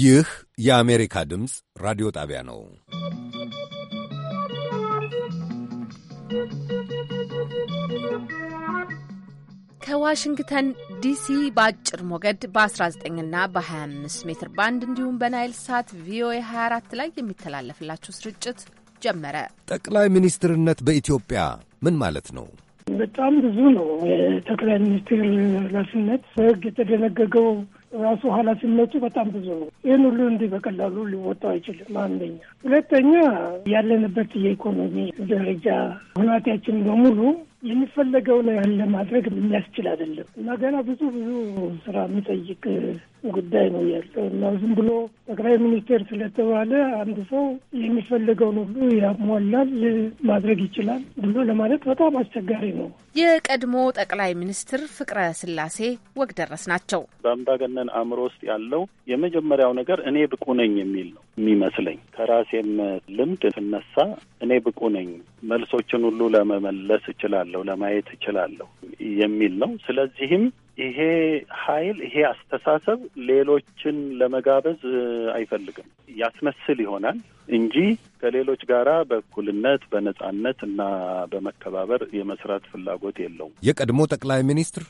ይህ የአሜሪካ ድምፅ ራዲዮ ጣቢያ ነው። ከዋሽንግተን ዲሲ በአጭር ሞገድ በ19ና በ25 ሜትር ባንድ እንዲሁም በናይል ሳት ቪኦኤ 24 ላይ የሚተላለፍላችሁ ስርጭት ጀመረ። ጠቅላይ ሚኒስትርነት በኢትዮጵያ ምን ማለት ነው? በጣም ብዙ ነው። የጠቅላይ ሚኒስትር ኃላፊነት በሕግ የተደነገገው ራሱ ኃላፊነቱ በጣም ብዙ ነው። ይህን ሁሉ እንዲህ በቀላሉ ሊወጣው አይችልም። አንደኛ። ሁለተኛ ያለንበት የኢኮኖሚ ደረጃ ሁናቴያችን በሙሉ የሚፈለገውን ያህል ለማድረግ የሚያስችል አይደለም እና ገና ብዙ ብዙ ስራ የሚጠይቅ ጉዳይ ነው ያለው እና ዝም ብሎ ጠቅላይ ሚኒስቴር ስለተባለ አንድ ሰው የሚፈልገውን ሁሉ ያሟላል ማድረግ ይችላል ብሎ ለማለት በጣም አስቸጋሪ ነው። የቀድሞ ጠቅላይ ሚኒስትር ፍቅረ ስላሴ ወግ ደረስ ናቸው። በአምባገነን አእምሮ ውስጥ ያለው የመጀመሪያው ነገር እኔ ብቁ ነኝ የሚል ነው የሚመስለኝ። ከራሴም ልምድ ስነሳ እኔ ብቁ ነኝ፣ መልሶችን ሁሉ ለመመለስ እችላለሁ፣ ለማየት እችላለሁ የሚል ነው። ስለዚህም ይሄ ኃይል ይሄ አስተሳሰብ ሌሎችን ለመጋበዝ አይፈልግም። ያስመስል ይሆናል እንጂ ከሌሎች ጋራ በእኩልነት በነጻነት እና በመከባበር የመስራት ፍላጎት የለውም። የቀድሞ ጠቅላይ ሚኒስትር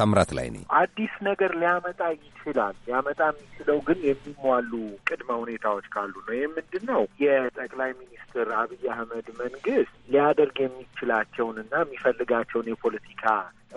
ታምራት ነኝ። አዲስ ነገር ሊያመጣ ይችላል። ሊያመጣ የሚችለው ግን የሚሟሉ ቅድመ ሁኔታዎች ካሉ ነው። ይህ ምንድን ነው? የጠቅላይ ሚኒስትር አብይ አህመድ መንግስት ሊያደርግ የሚችላቸውንና የሚፈልጋቸውን የፖለቲካ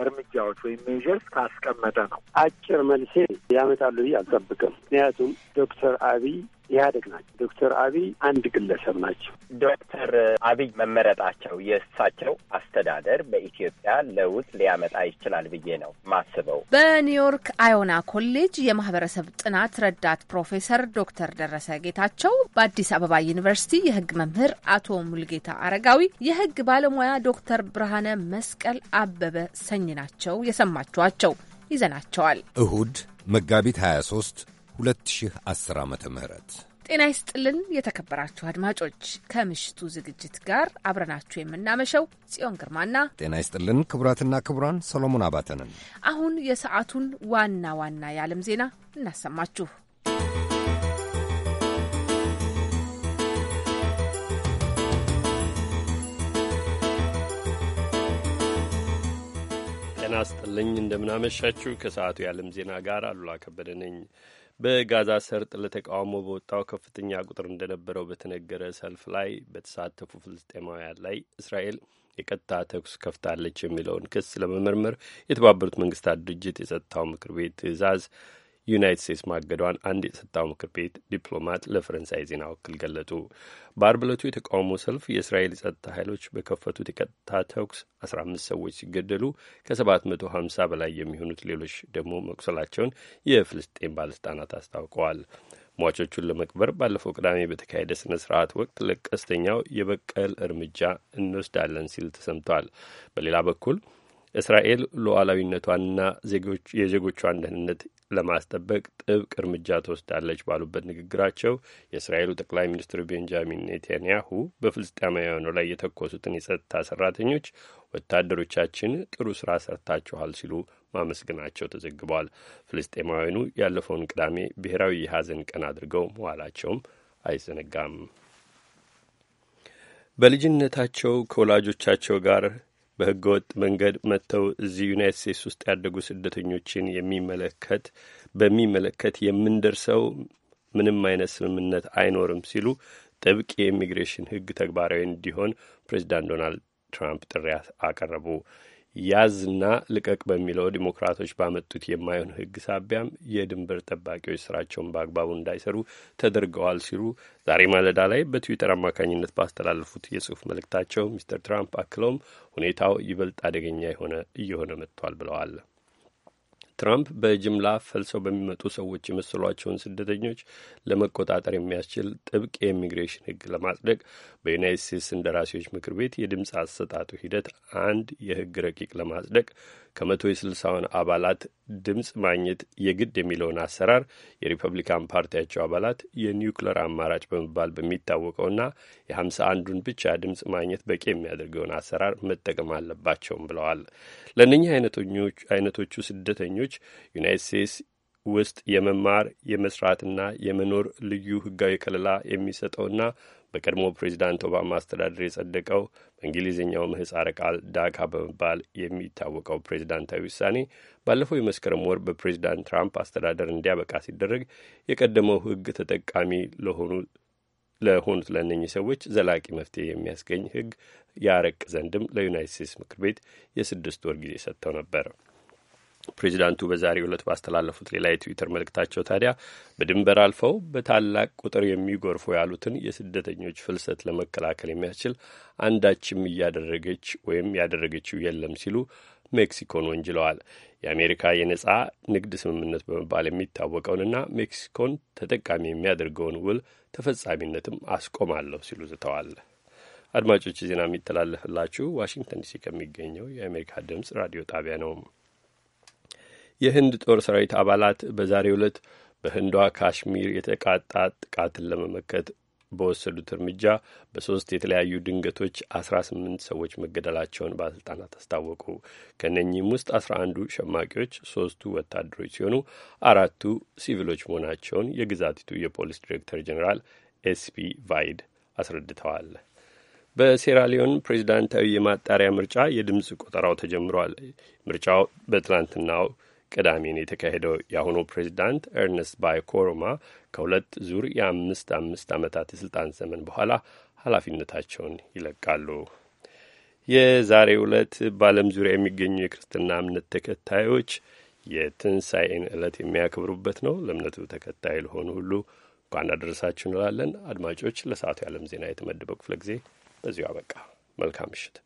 እርምጃዎች ወይም ሜዥርስ ካስቀመጠ ነው። አጭር መልሴ ያመጣሉ ብዬ አልጠብቅም። ምክንያቱም ዶክተር አብይ ኢህአዴግ ናቸው። ዶክተር አብይ አንድ ግለሰብ ናቸው። ዶክተር አብይ መመረጣቸው የእሳቸው አስተዳደር በኢትዮጵያ ለውጥ ሊያመጣ ይችላል ብዬ ነው ማስበው። በኒውዮርክ አዮና ኮሌጅ የማህበረሰብ ጥናት ረዳት ፕሮፌሰር ዶክተር ደረሰ ጌታቸው፣ በአዲስ አበባ ዩኒቨርሲቲ የህግ መምህር አቶ ሙልጌታ አረጋዊ፣ የህግ ባለሙያ ዶክተር ብርሃነ መስቀል አበበ ሰኞ ቀኝ ናቸው የሰማችኋቸው። ይዘናቸዋል። እሁድ መጋቢት 23 2010 ዓ ም ጤና ይስጥልን የተከበራችሁ አድማጮች፣ ከምሽቱ ዝግጅት ጋር አብረናችሁ የምናመሸው ጽዮን ግርማና ጤና ይስጥልን ክቡራትና ክቡራን ሰሎሞን አባተንን። አሁን የሰዓቱን ዋና ዋና የዓለም ዜና እናሰማችሁ። ጤና ስጥልኝ። እንደምናመሻችሁ ከሰዓቱ የዓለም ዜና ጋር አሉላ ከበደ ነኝ። በጋዛ ሰርጥ ለተቃውሞ በወጣው ከፍተኛ ቁጥር እንደነበረው በተነገረ ሰልፍ ላይ በተሳተፉ ፍልስጤማውያን ላይ እስራኤል የቀጥታ ተኩስ ከፍታለች የሚለውን ክስ ለመመርመር የተባበሩት መንግስታት ድርጅት የጸጥታው ምክር ቤት ትዕዛዝ ዩናይት ስቴትስ ማገዷን አንድ የጸጥታው ምክር ቤት ዲፕሎማት ለፈረንሳይ ዜና ወኪል ገለጡ። በአርብ ዕለቱ የተቃውሞ ሰልፍ የእስራኤል ጸጥታ ኃይሎች በከፈቱት የቀጥታ ተኩስ 15 ሰዎች ሲገደሉ ከ750 በላይ የሚሆኑት ሌሎች ደግሞ መቁሰላቸውን የፍልስጤን ባለስልጣናት አስታውቀዋል። ሟቾቹን ለመቅበር ባለፈው ቅዳሜ በተካሄደ ስነ ስርዓት ወቅት ለቀስተኛው የበቀል እርምጃ እንወስዳለን ሲል ተሰምቷል። በሌላ በኩል እስራኤል ሉዓላዊነቷንና የዜጎቿን ደህንነት ለማስጠበቅ ጥብቅ እርምጃ ትወስዳለች ባሉበት ንግግራቸው የእስራኤሉ ጠቅላይ ሚኒስትር ቤንጃሚን ኔታንያሁ በፍልስጤማውያኑ ላይ የተኮሱትን የጸጥታ ሰራተኞች ወታደሮቻችን ጥሩ ስራ ሰርታችኋል ሲሉ ማመስገናቸው ተዘግበዋል። ፍልስጤማውያኑ ያለፈውን ቅዳሜ ብሔራዊ የሐዘን ቀን አድርገው መዋላቸውም አይዘነጋም። በልጅነታቸው ከወላጆቻቸው ጋር በህገ ወጥ መንገድ መጥተው እዚህ ዩናይት ስቴትስ ውስጥ ያደጉ ስደተኞችን የሚመለከት በሚመለከት የምንደርሰው ምንም አይነት ስምምነት አይኖርም ሲሉ ጥብቅ የኢሚግሬሽን ህግ ተግባራዊ እንዲሆን ፕሬዚዳንት ዶናልድ ትራምፕ ጥሪ አቀረቡ። ያዝና ልቀቅ በሚለው ዲሞክራቶች ባመጡት የማይሆን ሕግ ሳቢያም የድንበር ጠባቂዎች ስራቸውን በአግባቡ እንዳይሰሩ ተደርገዋል ሲሉ ዛሬ ማለዳ ላይ በትዊተር አማካኝነት ባስተላለፉት የጽሁፍ መልእክታቸው ሚስተር ትራምፕ አክለውም ሁኔታው ይበልጥ አደገኛ የሆነ እየሆነ መጥቷል ብለዋል። ትራምፕ በጅምላ ፈልሰው በሚመጡ ሰዎች የመሰሏቸውን ስደተኞች ለመቆጣጠር የሚያስችል ጥብቅ የኢሚግሬሽን ሕግ ለማጽደቅ በዩናይት ስቴትስ እንደራሴዎች ምክር ቤት የድምፅ አሰጣጡ ሂደት አንድ የሕግ ረቂቅ ለማጽደቅ ከመቶ የስልሳውን አባላት ድምፅ ማግኘት የግድ የሚለውን አሰራር የሪፐብሊካን ፓርቲያቸው አባላት የኒውክለር አማራጭ በመባል በሚታወቀውና የሀምሳ አንዱን ብቻ ድምፅ ማግኘት በቂ የሚያደርገውን አሰራር መጠቀም አለባቸውም ብለዋል። ለእነኚህ አይነቶቹ ስደተኞች ዩናይት ስቴትስ ውስጥ የመማር የመስራትና የመኖር ልዩ ህጋዊ ከለላ የሚሰጠውና በቀድሞ ፕሬዚዳንት ኦባማ አስተዳደር የጸደቀው በእንግሊዝኛው ምህጻረ ቃል ዳካ በመባል የሚታወቀው ፕሬዚዳንታዊ ውሳኔ ባለፈው የመስከረም ወር በፕሬዚዳንት ትራምፕ አስተዳደር እንዲያበቃ ሲደረግ የቀደመው ህግ ተጠቃሚ ለሆኑ ለሆኑት ለእነኚህ ሰዎች ዘላቂ መፍትሄ የሚያስገኝ ህግ ያረቅ ዘንድም ለዩናይት ስቴትስ ምክር ቤት የስድስት ወር ጊዜ ሰጥተው ነበር። ፕሬዚዳንቱ በዛሬው ዕለት ባስተላለፉት ሌላ የትዊተር መልእክታቸው ታዲያ በድንበር አልፈው በታላቅ ቁጥር የሚጎርፉ ያሉትን የስደተኞች ፍልሰት ለመከላከል የሚያስችል አንዳችም እያደረገች ወይም ያደረገችው የለም ሲሉ ሜክሲኮን ወንጅለዋል። የአሜሪካ የነጻ ንግድ ስምምነት በመባል የሚታወቀውንና ሜክሲኮን ተጠቃሚ የሚያደርገውን ውል ተፈጻሚነትም አስቆማለሁ ሲሉ ዝተዋል። አድማጮች ዜና የሚተላለፍላችሁ ዋሽንግተን ዲሲ ከሚገኘው የአሜሪካ ድምፅ ራዲዮ ጣቢያ ነው። የህንድ ጦር ሰራዊት አባላት በዛሬው ዕለት በህንዷ ካሽሚር የተቃጣ ጥቃትን ለመመከት በወሰዱት እርምጃ በሶስት የተለያዩ ድንገቶች አስራ ስምንት ሰዎች መገደላቸውን ባለስልጣናት አስታወቁ። ከነኚህም ውስጥ አስራ አንዱ ሸማቂዎች፣ ሶስቱ ወታደሮች ሲሆኑ አራቱ ሲቪሎች መሆናቸውን የግዛቲቱ የፖሊስ ዲሬክተር ጀኔራል ኤስፒ ቫይድ አስረድተዋል። በሴራሊዮን ፕሬዚዳንታዊ የማጣሪያ ምርጫ የድምፅ ቆጠራው ተጀምሯል። ምርጫው በትላንትናው ቅዳሜን የተካሄደው የአሁኑ ፕሬዚዳንት ኤርነስት ባይ ኮሮማ ከሁለት ዙር የአምስት አምስት ዓመታት የስልጣን ዘመን በኋላ ኃላፊነታቸውን ይለቃሉ። የዛሬ ዕለት በዓለም ዙሪያ የሚገኙ የክርስትና እምነት ተከታዮች የትንሣኤን ዕለት የሚያከብሩበት ነው። ለእምነቱ ተከታይ ለሆኑ ሁሉ እንኳን አደረሳችሁ እንላለን። አድማጮች፣ ለሰዓቱ የዓለም ዜና የተመደበው ክፍለ ጊዜ በዚሁ አበቃ። መልካም ምሽት።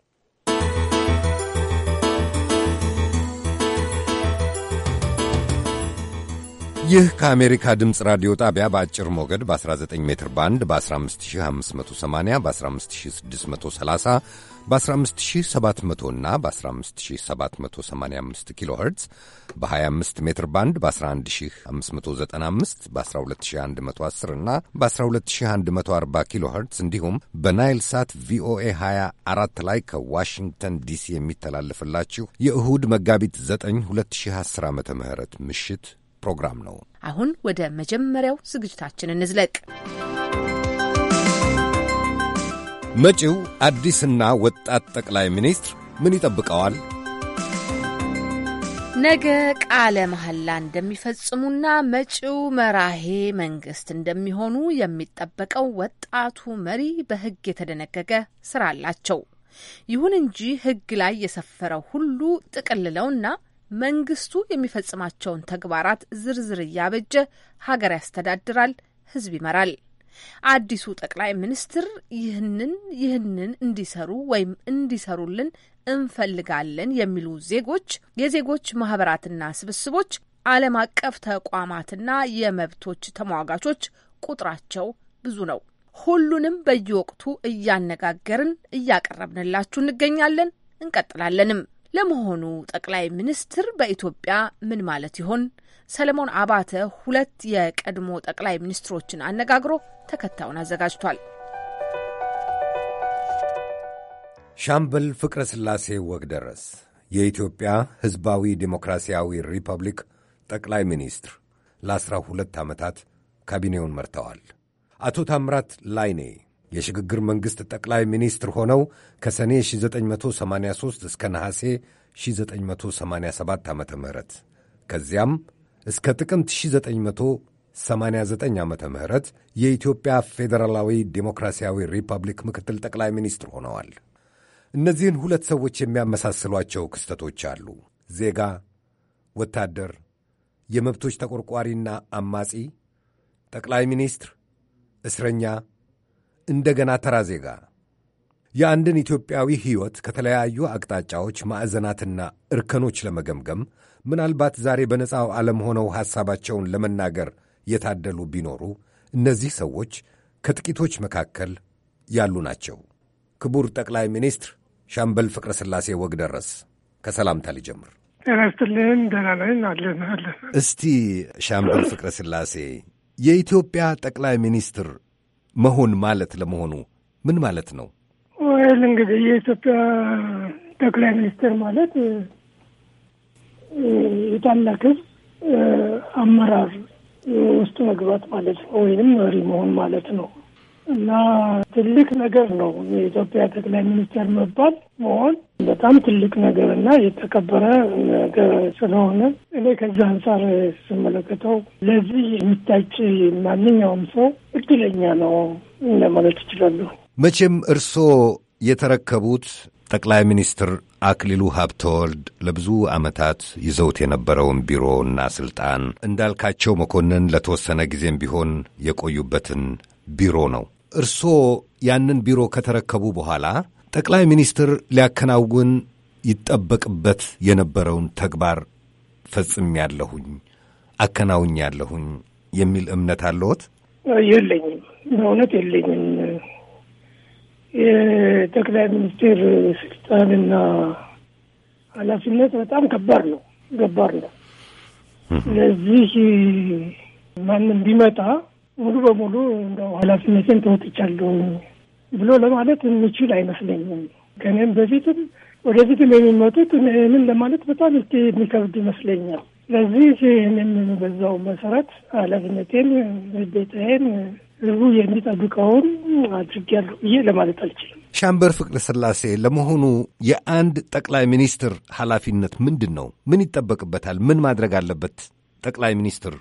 ይህ ከአሜሪካ ድምፅ ራዲዮ ጣቢያ በአጭር ሞገድ በ19 ሜትር ባንድ በ15580 በ15630 በ15700 እና በ15785 ኪሎ ኸርትዝ በ25 ሜትር ባንድ በ11595 በ12110 እና በ12140 ኪሎ ኸርትዝ እንዲሁም በናይል ሳት ቪኦኤ 24 ላይ ከዋሽንግተን ዲሲ የሚተላለፍላችሁ የእሁድ መጋቢት 9 2010 ዓ ም ምሽት ፕሮግራም ነው። አሁን ወደ መጀመሪያው ዝግጅታችን እንዝለቅ። መጪው አዲስና ወጣት ጠቅላይ ሚኒስትር ምን ይጠብቀዋል? ነገ ቃለ መሐላ እንደሚፈጽሙና መጪው መራሄ መንግስት እንደሚሆኑ የሚጠበቀው ወጣቱ መሪ በሕግ የተደነገገ ስራ አላቸው። ይሁን እንጂ ሕግ ላይ የሰፈረው ሁሉ ጥቅልለውና መንግስቱ የሚፈጽማቸውን ተግባራት ዝርዝር እያበጀ ሀገር ያስተዳድራል፣ ህዝብ ይመራል። አዲሱ ጠቅላይ ሚኒስትር ይህንን ይህንን እንዲሰሩ ወይም እንዲሰሩልን እንፈልጋለን የሚሉ ዜጎች የዜጎች ማህበራትና ስብስቦች፣ ዓለም አቀፍ ተቋማትና የመብቶች ተሟጋቾች ቁጥራቸው ብዙ ነው። ሁሉንም በየወቅቱ እያነጋገርን እያቀረብንላችሁ እንገኛለን። እንቀጥላለንም። ለመሆኑ ጠቅላይ ሚኒስትር በኢትዮጵያ ምን ማለት ይሆን? ሰለሞን አባተ ሁለት የቀድሞ ጠቅላይ ሚኒስትሮችን አነጋግሮ ተከታዩን አዘጋጅቷል። ሻምበል ፍቅረ ሥላሴ ወግደረስ የኢትዮጵያ ሕዝባዊ ዴሞክራሲያዊ ሪፐብሊክ ጠቅላይ ሚኒስትር ለአስራ ሁለት ዓመታት ካቢኔውን መርተዋል። አቶ ታምራት ላይኔ የሽግግር መንግሥት ጠቅላይ ሚኒስትር ሆነው ከሰኔ 1983 እስከ ነሐሴ 1987 ዓ ም ከዚያም እስከ ጥቅምት 1989 ዓ ም የኢትዮጵያ ፌዴራላዊ ዴሞክራሲያዊ ሪፐብሊክ ምክትል ጠቅላይ ሚኒስትር ሆነዋል። እነዚህን ሁለት ሰዎች የሚያመሳስሏቸው ክስተቶች አሉ። ዜጋ፣ ወታደር፣ የመብቶች ተቆርቋሪና አማጺ፣ ጠቅላይ ሚኒስትር፣ እስረኛ እንደገና ተራ ዜጋ የአንድን ኢትዮጵያዊ ሕይወት ከተለያዩ አቅጣጫዎች ማዕዘናትና እርከኖች ለመገምገም ምናልባት ዛሬ በነጻው ዓለም ሆነው ሐሳባቸውን ለመናገር የታደሉ ቢኖሩ እነዚህ ሰዎች ከጥቂቶች መካከል ያሉ ናቸው። ክቡር ጠቅላይ ሚኒስትር ሻምበል ፍቅረ ሥላሴ ወግደረስ ከሰላምታ ልጀምር። ጤና ይስጥልኝ። ደህና ነን አለን አለን። እስቲ ሻምበል ፍቅረ ሥላሴ የኢትዮጵያ ጠቅላይ ሚኒስትር መሆን ማለት ለመሆኑ ምን ማለት ነው? ወይል እንግዲህ የኢትዮጵያ ጠቅላይ ሚኒስትር ማለት የታላቅ ሕዝብ አመራር ውስጥ መግባት ማለት ነው፣ ወይም መሪ መሆን ማለት ነው እና ትልቅ ነገር ነው የኢትዮጵያ ጠቅላይ ሚኒስትር መባል መሆን በጣም ትልቅ ነገር እና የተከበረ ነገር ስለሆነ እኔ ከዚህ አንጻር ስመለከተው ለዚህ የሚታጭ ማንኛውም ሰው እድለኛ ነው ለማለት ይችላለሁ። መቼም እርስዎ የተረከቡት ጠቅላይ ሚኒስትር አክሊሉ ሀብተወልድ ለብዙ ዓመታት ይዘውት የነበረውን ቢሮና ስልጣን እንዳልካቸው መኮንን ለተወሰነ ጊዜም ቢሆን የቆዩበትን ቢሮ ነው። እርስዎ ያንን ቢሮ ከተረከቡ በኋላ ጠቅላይ ሚኒስትር ሊያከናውን ይጠበቅበት የነበረውን ተግባር ፈጽም አከናውኝ ያለሁኝ የሚል እምነት አለዎት? የለኝም፣ በእውነት የለኝም። የጠቅላይ ሚኒስትር ስልጣንና ኃላፊነት በጣም ከባድ ነው፣ ገባር ነው። ስለዚህ ማንም ቢመጣ ሙሉ በሙሉ እንደው ኃላፊነትን ተወጥቻለሁ ብሎ ለማለት የሚችል አይመስለኝም። ከእኔም በፊትም ወደፊትም የሚመጡት ምን ለማለት በጣም ስ የሚከብድ ይመስለኛል። ስለዚህ ይህንን በዛው መሰረት ኃላፊነቴን፣ ግዴታዬን ህዝቡ የሚጠብቀውን አድርጌያለሁ ብዬ ለማለት አልችልም። ሻምበር ፍቅረ ስላሴ፣ ለመሆኑ የአንድ ጠቅላይ ሚኒስትር ኃላፊነት ምንድን ነው? ምን ይጠበቅበታል? ምን ማድረግ አለበት? ጠቅላይ ሚኒስትር?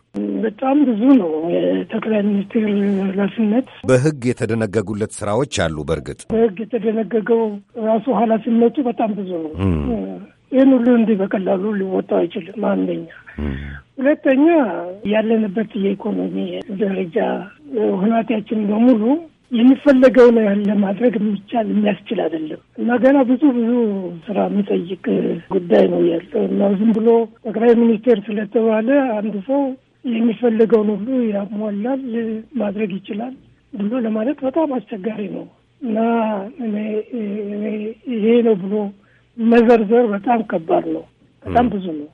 በጣም ብዙ ነው። የጠቅላይ ሚኒስትር ኃላፊነት በህግ የተደነገጉለት ስራዎች አሉ። በእርግጥ በህግ የተደነገገው ራሱ ኃላፊነቱ በጣም ብዙ ነው። ይህን ሁሉ እንዲህ በቀላሉ ሊወጣው አይችልም። አንደኛ። ሁለተኛ ያለንበት የኢኮኖሚ ደረጃ ሁናቴያችን በሙሉ የሚፈለገውን ያህል ለማድረግ የሚቻል የሚያስችል አይደለም እና ገና ብዙ ብዙ ስራ የሚጠይቅ ጉዳይ ነው ያለው እና ዝም ብሎ ጠቅላይ ሚኒስቴር ስለተባለ አንድ ሰው የሚፈለገውን ሁሉ ያሟላል ማድረግ ይችላል ብሎ ለማለት በጣም አስቸጋሪ ነው እና ይሄ ነው ብሎ መዘርዘር በጣም ከባድ ነው። በጣም ብዙ ነው።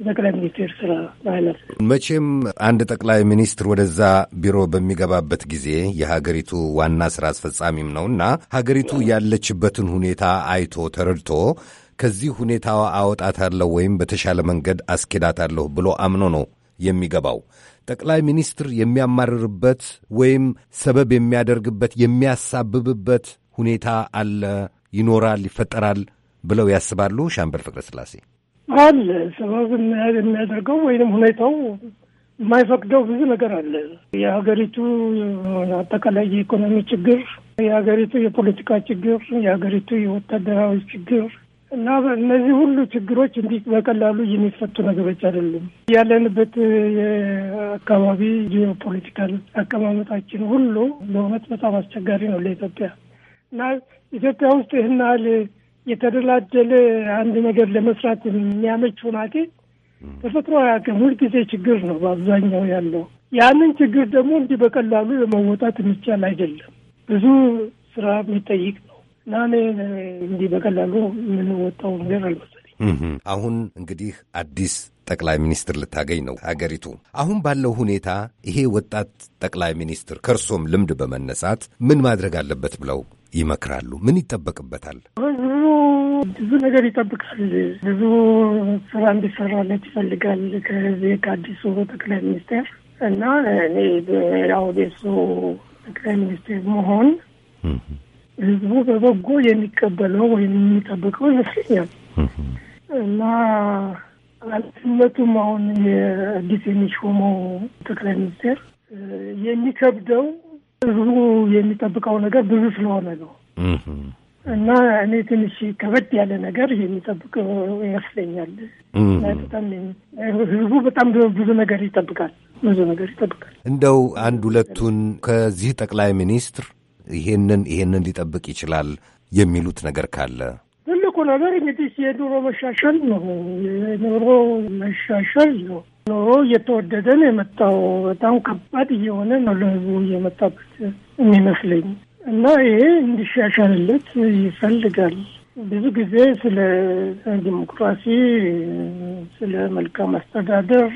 የጠቅላይ ሚኒስቴር ስራ ማለት መቼም አንድ ጠቅላይ ሚኒስትር ወደዛ ቢሮ በሚገባበት ጊዜ የሀገሪቱ ዋና ስራ አስፈጻሚም ነውና ሀገሪቱ ያለችበትን ሁኔታ አይቶ ተረድቶ ከዚህ ሁኔታ አወጣታለሁ ወይም በተሻለ መንገድ አስኬዳታለሁ ብሎ አምኖ ነው የሚገባው። ጠቅላይ ሚኒስትር የሚያማርርበት ወይም ሰበብ የሚያደርግበት የሚያሳብብበት ሁኔታ አለ፣ ይኖራል፣ ይፈጠራል ብለው ያስባሉ ሻምበል ፍቅረ ስላሴ? አለ። ሰበብ የሚያደርገው ወይም ሁኔታው የማይፈቅደው ብዙ ነገር አለ። የሀገሪቱ አጠቃላይ የኢኮኖሚ ችግር፣ የሀገሪቱ የፖለቲካ ችግር፣ የሀገሪቱ የወታደራዊ ችግር እና እነዚህ ሁሉ ችግሮች እንዲህ በቀላሉ የሚፈቱ ነገሮች አይደሉም። ያለንበት የአካባቢ ጂኦፖለቲካል አቀማመጣችን ሁሉ በእውነት በጣም አስቸጋሪ ነው ለኢትዮጵያ እና ኢትዮጵያ ውስጥ ይህን ያህል የተደላደለ አንድ ነገር ለመስራት የሚያመች ሁናቴ ተፈጥሮ አያውቅም። ሁልጊዜ ችግር ነው በአብዛኛው ያለው። ያንን ችግር ደግሞ እንዲህ በቀላሉ ለመወጣት የሚቻል አይደለም። ብዙ ስራ የሚጠይቅ ነው እና እኔ እንዲህ በቀላሉ የምንወጣው ነገር አልመሰለኝም። አሁን እንግዲህ አዲስ ጠቅላይ ሚኒስትር ልታገኝ ነው አገሪቱ። አሁን ባለው ሁኔታ ይሄ ወጣት ጠቅላይ ሚኒስትር ከእርሶም ልምድ በመነሳት ምን ማድረግ አለበት ብለው ይመክራሉ? ምን ይጠበቅበታል? ብዙ ነገር ይጠብቃል። ብዙ ስራ እንዲሰራለት ይፈልጋል ከዚህ ከአዲሱ ጠቅላይ ሚኒስቴር እና እኔ ያው የሱ ጠቅላይ ሚኒስቴር መሆን ህዝቡ በበጎ የሚቀበለው ወይም የሚጠብቀው ይመስለኛል እና ኃላፊነቱም አሁን የአዲስ የሚሾመው ጠቅላይ ሚኒስቴር የሚከብደው ህዝቡ የሚጠብቀው ነገር ብዙ ስለሆነ ነው። እና እኔ ትንሽ ከበድ ያለ ነገር የሚጠብቅ ይመስለኛል። ህዝቡ በጣም ብዙ ነገር ይጠብቃል፣ ብዙ ነገር ይጠብቃል። እንደው አንድ ሁለቱን ከዚህ ጠቅላይ ሚኒስትር ይሄንን ይሄንን ሊጠብቅ ይችላል የሚሉት ነገር ካለ ትልቁ ነገር እንግዲህ የኑሮ መሻሻል ነው። የኑሮ መሻሻል ነው። ኑሮ እየተወደደ ነው የመጣው። በጣም ከባድ እየሆነ ነው ለህዝቡ እየመጣበት የሚመስለኝ እና ይሄ እንዲሻሻልለት ይፈልጋል። ብዙ ጊዜ ስለ ዲሞክራሲ፣ ስለ መልካም አስተዳደር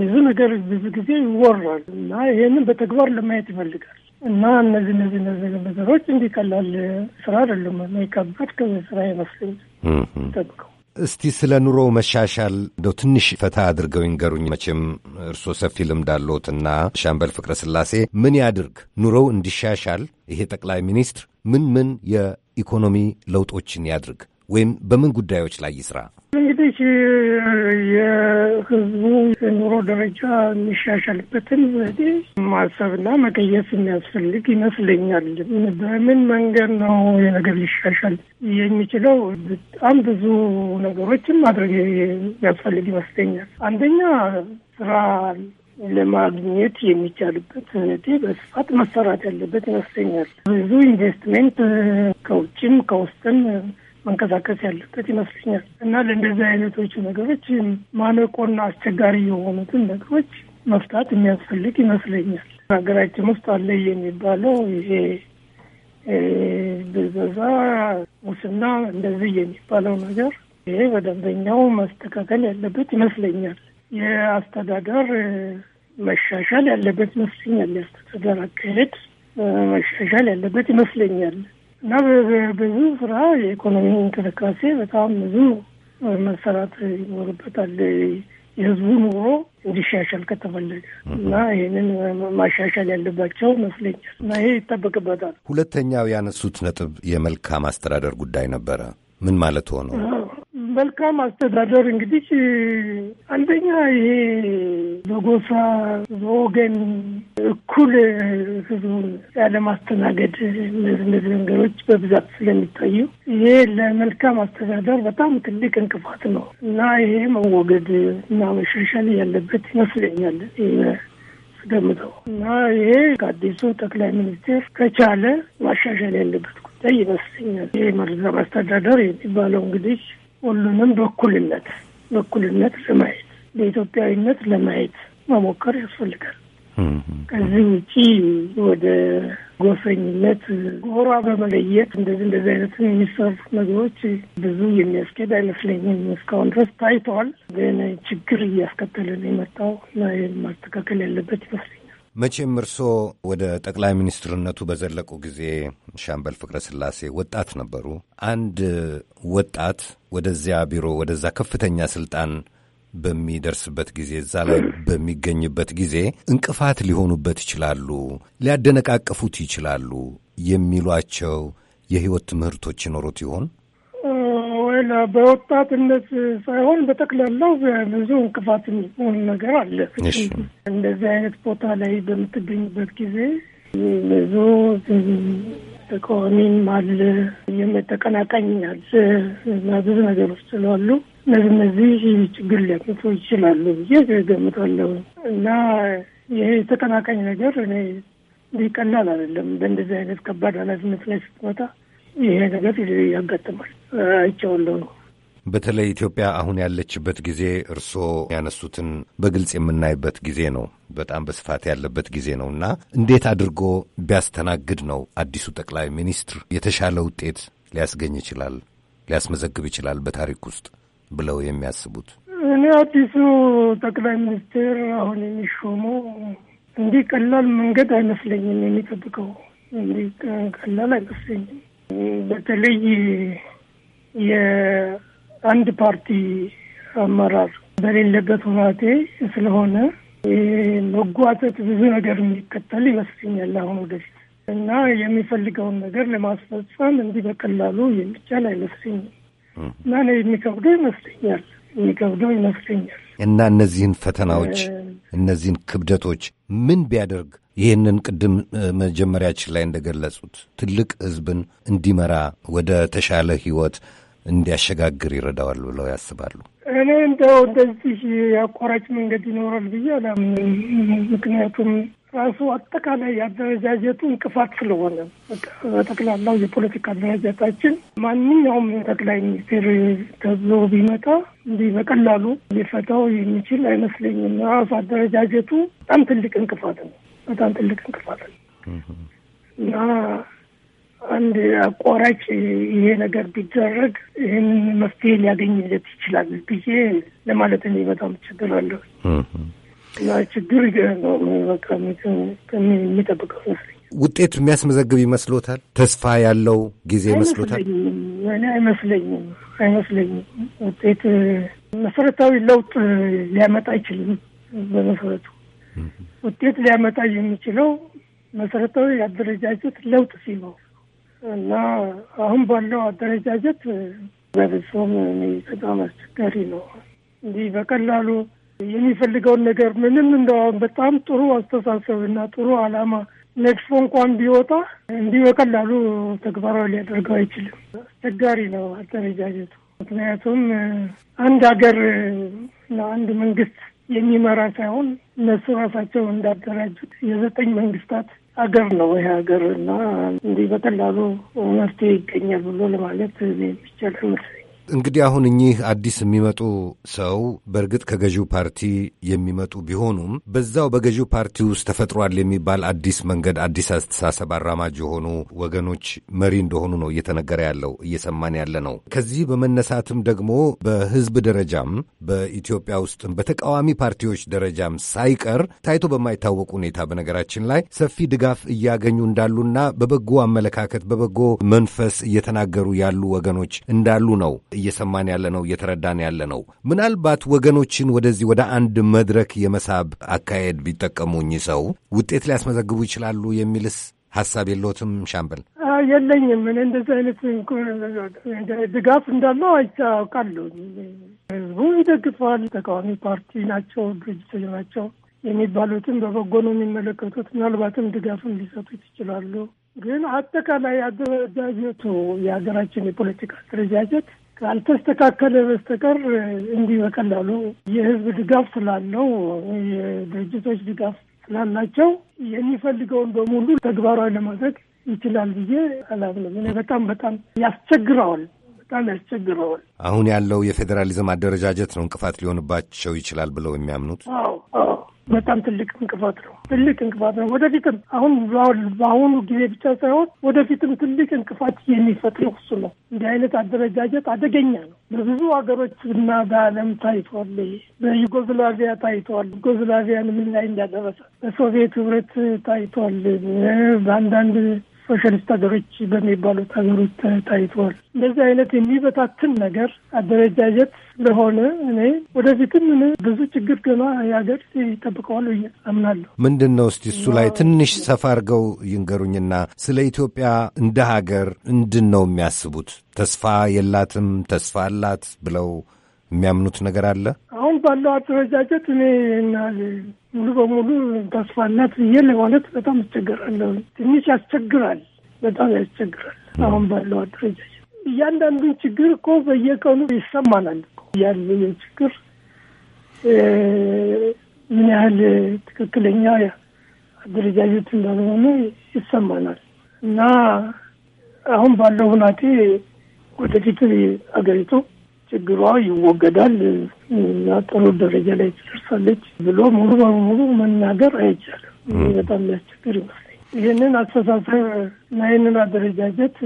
ብዙ ነገር ብዙ ጊዜ ይወራል እና ይሄንን በተግባር ለማየት ይፈልጋል እና እነዚህ እነዚህ እነዚህ ነገሮች እንዲቀላል ስራ አይደለም የከበድ ስራ ይመስለኛል ጠብቀው እስቲ ስለ ኑሮ መሻሻል እንደው ትንሽ ፈታ አድርገው ይንገሩኝ። መቼም እርስዎ ሰፊ ልምድ አለዎትና ሻምበል ፍቅረ ስላሴ ምን ያድርግ ኑሮው እንዲሻሻል ይሄ ጠቅላይ ሚኒስትር ምን ምን የኢኮኖሚ ለውጦችን ያድርግ? ወይም በምን ጉዳዮች ላይ ይስራ? እንግዲህ የህዝቡ የኑሮ ደረጃ የሚሻሻልበትን ዘዴ ማሰብና መቀየስ የሚያስፈልግ ይመስለኛል። በምን መንገድ ነው የነገር ሊሻሻል የሚችለው? በጣም ብዙ ነገሮችን ማድረግ የሚያስፈልግ ይመስለኛል። አንደኛ ስራ ለማግኘት የሚቻልበት ዘዴ በስፋት መሰራት ያለበት ይመስለኛል። ብዙ ኢንቨስትሜንት ከውጭም ከውስጥም መንቀሳቀስ ያለበት ይመስለኛል እና ለእንደዚህ አይነቶቹ ነገሮች ማነቆና አስቸጋሪ የሆኑትን ነገሮች መፍታት የሚያስፈልግ ይመስለኛል። ሀገራችን ውስጥ አለ የሚባለው ይሄ ብዝበዛ፣ ሙስና እንደዚህ የሚባለው ነገር ይሄ በደንበኛው መስተካከል ያለበት ይመስለኛል። የአስተዳደር መሻሻል ያለበት ይመስለኛል። የአስተዳደር አካሄድ መሻሻል ያለበት ይመስለኛል። እና ብዙ ስራ የኢኮኖሚ እንቅስቃሴ በጣም ብዙ መሰራት ይኖርበታል የህዝቡ ኑሮ እንዲሻሻል ከተፈለገ እና ይህንን ማሻሻል ያለባቸው መስለኛል እና ይሄ ይጠበቅበታል። ሁለተኛው ያነሱት ነጥብ የመልካም አስተዳደር ጉዳይ ነበረ። ምን ማለት ሆነው መልካም አስተዳደር እንግዲህ አንደኛ ይሄ በጎሳ በወገን እኩል ህዝቡን ያለማስተናገድ እነዚህ ነገሮች በብዛት ስለሚታዩ ይሄ ለመልካም አስተዳደር በጣም ትልቅ እንቅፋት ነው እና ይሄ መወገድ እና መሻሻል ያለበት ይመስለኛል። ስገምተው እና ይሄ ከአዲሱ ጠቅላይ ሚኒስቴር ከቻለ ማሻሻል ያለበት ጉዳይ ይመስለኛል። ይሄ መርዛም አስተዳደር የሚባለው እንግዲህ ሁሉንም በኩልነት በኩልነት ለማየት በኢትዮጵያዊነት ለማየት መሞከር ያስፈልጋል። ከዚህ ውጪ ወደ ጎሰኝነት ጎራ በመለየት እንደዚህ እንደዚህ አይነት የሚሰሩ ነገሮች ብዙ የሚያስኬድ አይመስለኝም። እስካሁን ድረስ ታይተዋል፣ ግን ችግር እያስከተለ ነው የመጣው ማስተካከል ያለበት ይመስለኛል። መቼም እርስዎ ወደ ጠቅላይ ሚኒስትርነቱ በዘለቁ ጊዜ ሻምበል ፍቅረ ስላሴ ወጣት ነበሩ። አንድ ወጣት ወደዚያ ቢሮ ወደዛ ከፍተኛ ስልጣን በሚደርስበት ጊዜ እዛ ላይ በሚገኝበት ጊዜ እንቅፋት ሊሆኑበት ይችላሉ፣ ሊያደነቃቅፉት ይችላሉ የሚሏቸው የህይወት ትምህርቶች ይኖሩት ይሆን? በወጣትነት ሳይሆን በጠቅላላው ብዙ እንቅፋት የሚሆን ነገር አለ። እንደዚህ አይነት ቦታ ላይ በምትገኝበት ጊዜ ብዙ ተቃዋሚም አለ፣ ተቀናቃኝ አለ እና ብዙ ነገሮች ስላሉ እነዚህ እነዚህ ችግር ሊያመጡ ይችላሉ ብዬ ገምታለሁ እና ይሄ የተቀናቃኝ ነገር እኔ እንዲህ ቀላል አይደለም። በእንደዚህ አይነት ከባድ ኃላፊነት ላይ ስትመጣ ይሄ ነገር ያጋጥማል አይቼዋለሁ ነው። በተለይ ኢትዮጵያ አሁን ያለችበት ጊዜ እርስዎ ያነሱትን በግልጽ የምናይበት ጊዜ ነው። በጣም በስፋት ያለበት ጊዜ ነው እና እንዴት አድርጎ ቢያስተናግድ ነው አዲሱ ጠቅላይ ሚኒስትር የተሻለ ውጤት ሊያስገኝ ይችላል፣ ሊያስመዘግብ ይችላል በታሪክ ውስጥ ብለው የሚያስቡት? እኔ አዲሱ ጠቅላይ ሚኒስትር አሁን የሚሾመው እንዲህ ቀላል መንገድ አይመስለኝም። የሚጠብቀው እንዲህ ቀላል አይመስለኝም። በተለይ የአንድ ፓርቲ አመራር በሌለበት ሁናቴ ስለሆነ መጓተት ብዙ ነገር የሚከተል ይመስለኛል አሁን ወደፊት እና የሚፈልገውን ነገር ለማስፈጸም እንዲህ በቀላሉ የሚቻል አይመስለኝም እና እኔ የሚከብደው ይመስለኛል የሚከብደው ይመስለኛል እና እነዚህን ፈተናዎች እነዚህን ክብደቶች ምን ቢያደርግ ይህንን ቅድም መጀመሪያችን ላይ እንደገለጹት ትልቅ ህዝብን እንዲመራ ወደ ተሻለ ህይወት እንዲያሸጋግር ይረዳዋል ብለው ያስባሉ? እኔ እንደው እንደዚህ የአቋራጭ መንገድ ይኖራል ብዬ አላምንም። ምክንያቱም ራሱ አጠቃላይ አደረጃጀቱ እንቅፋት ስለሆነ በጠቅላላው የፖለቲካ አደረጃጀታችን ማንኛውም ጠቅላይ ሚኒስትር ተብሎ ቢመጣ እንዲህ በቀላሉ ሊፈታው የሚችል አይመስለኝም። ራሱ አደረጃጀቱ በጣም ትልቅ እንቅፋት ነው። በጣም ትልቅ እንቅፋት እና አንድ አቋራጭ ይሄ ነገር ቢደረግ ይህን መፍትሄ ሊያገኝለት ይችላል ብዬ ለማለት እኔ በጣም ችግር አለሁ እና ችግር ነው የሚጠብቀው ውጤት የሚያስመዘግብ ይመስሎታል? ተስፋ ያለው ጊዜ ይመስሎታል? አይመስለኝም አይመስለኝም። ውጤት መሰረታዊ ለውጥ ሊያመጣ አይችልም በመሰረቱ ውጤት ሊያመጣ የሚችለው መሰረታዊ አደረጃጀት ለውጥ ሲኖር እና አሁን ባለው አደረጃጀት በብሶም በጣም አስቸጋሪ ነው። እንዲህ በቀላሉ የሚፈልገውን ነገር ምንም እንደውም በጣም ጥሩ አስተሳሰብ እና ጥሩ ዓላማ ነድፎ እንኳን ቢወጣ እንዲህ በቀላሉ ተግባራዊ ሊያደርገው አይችልም። አስቸጋሪ ነው አደረጃጀቱ። ምክንያቱም አንድ ሀገር እና አንድ መንግስት የሚመራ ሳይሆን እነሱ ራሳቸው እንዳደራጁት የዘጠኝ መንግስታት ሀገር ነው ይህ ሀገር እና እንዲህ በቀላሉ መፍትሄ ይገኛል ብሎ ለማለት የሚቻል ትምህርት እንግዲህ አሁን እኚህ አዲስ የሚመጡ ሰው በእርግጥ ከገዢው ፓርቲ የሚመጡ ቢሆኑም በዛው በገዢው ፓርቲ ውስጥ ተፈጥሯል የሚባል አዲስ መንገድ፣ አዲስ አስተሳሰብ አራማጅ የሆኑ ወገኖች መሪ እንደሆኑ ነው እየተነገረ ያለው እየሰማን ያለ ነው። ከዚህ በመነሳትም ደግሞ በህዝብ ደረጃም በኢትዮጵያ ውስጥም በተቃዋሚ ፓርቲዎች ደረጃም ሳይቀር ታይቶ በማይታወቅ ሁኔታ በነገራችን ላይ ሰፊ ድጋፍ እያገኙ እንዳሉና በበጎ አመለካከት በበጎ መንፈስ እየተናገሩ ያሉ ወገኖች እንዳሉ ነው እየሰማን ያለ ነው፣ እየተረዳን ያለ ነው። ምናልባት ወገኖችን ወደዚህ ወደ አንድ መድረክ የመሳብ አካሄድ ቢጠቀሙኝ ሰው ውጤት ሊያስመዘግቡ ይችላሉ የሚልስ ሀሳብ የለዎትም? ሻምበል የለኝም። እኔ እንደዚህ አይነት ድጋፍ እንዳለው አይታውቃለሁ። ህዝቡ ይደግፈዋል። ተቃዋሚ ፓርቲ ናቸው፣ ድርጅቶች ናቸው የሚባሉትን በበጎ ነው የሚመለከቱት። ምናልባትም ድጋፍም ሊሰጡት ይችላሉ። ግን አጠቃላይ አደረጃጀቱ የሀገራችን የፖለቲካ አደረጃጀት ካልተስተካከለ በስተቀር እንዲህ በቀላሉ የህዝብ ድጋፍ ስላለው የድርጅቶች ድጋፍ ስላላቸው የሚፈልገውን በሙሉ ተግባራዊ ለማድረግ ይችላል ብዬ አላምንም። እኔ በጣም በጣም ያስቸግረዋል፣ በጣም ያስቸግረዋል። አሁን ያለው የፌዴራሊዝም አደረጃጀት ነው እንቅፋት ሊሆንባቸው ይችላል ብለው የሚያምኑት። አዎ አዎ በጣም ትልቅ እንቅፋት ነው። ትልቅ እንቅፋት ነው። ወደፊትም አሁን በአሁኑ ጊዜ ብቻ ሳይሆን ወደፊትም ትልቅ እንቅፋት የሚፈጥረው እሱ ነው። እንዲህ አይነት አደረጃጀት አደገኛ ነው። በብዙ ሀገሮች እና በዓለም ታይቷል። በዩጎዝላቪያ ታይቷል። ዩጎዝላቪያን ምን ላይ እንዳደረሰ በሶቪየት ህብረት ታይቷል። በአንዳንድ ሶሻሊስት ሀገሮች በሚባሉት ሀገሮች ታይተዋል። እንደዚህ አይነት የሚበታትን ነገር አደረጃጀት ስለሆነ እኔ ወደፊትም ብዙ ችግር ገና የሀገር ይጠብቀዋል ብዬ አምናለሁ። ምንድን ነው እስቲ እሱ ላይ ትንሽ ሰፋ አድርገው ይንገሩኝና ስለ ኢትዮጵያ እንደ ሀገር እንድን ነው የሚያስቡት? ተስፋ የላትም ተስፋ አላት ብለው የሚያምኑት ነገር አለ? አሁን ባለው አደረጃጀት እኔ ሙሉ በሙሉ ተስፋነት እናት ብዬ ለማለት በጣም ያስቸግራለሁ። ትንሽ ያስቸግራል፣ በጣም ያስቸግራል። አሁን ባለው አደረጃጀት እያንዳንዱን ችግር እኮ በየቀኑ ይሰማናል እኮ ያለ ችግር ምን ያህል ትክክለኛ አደረጃጀት እንዳልሆነ ይሰማናል እና አሁን ባለው ሁናቴ ወደፊት አገሪቱ ችግሯ ይወገዳል እና ጥሩ ደረጃ ላይ ትደርሳለች ብሎ ሙሉ በሙሉ መናገር አይቻልም። በጣም የሚያስቸግር ይመስለኝ። ይህንን አስተሳሰብ እና ይህንን አደረጃጀት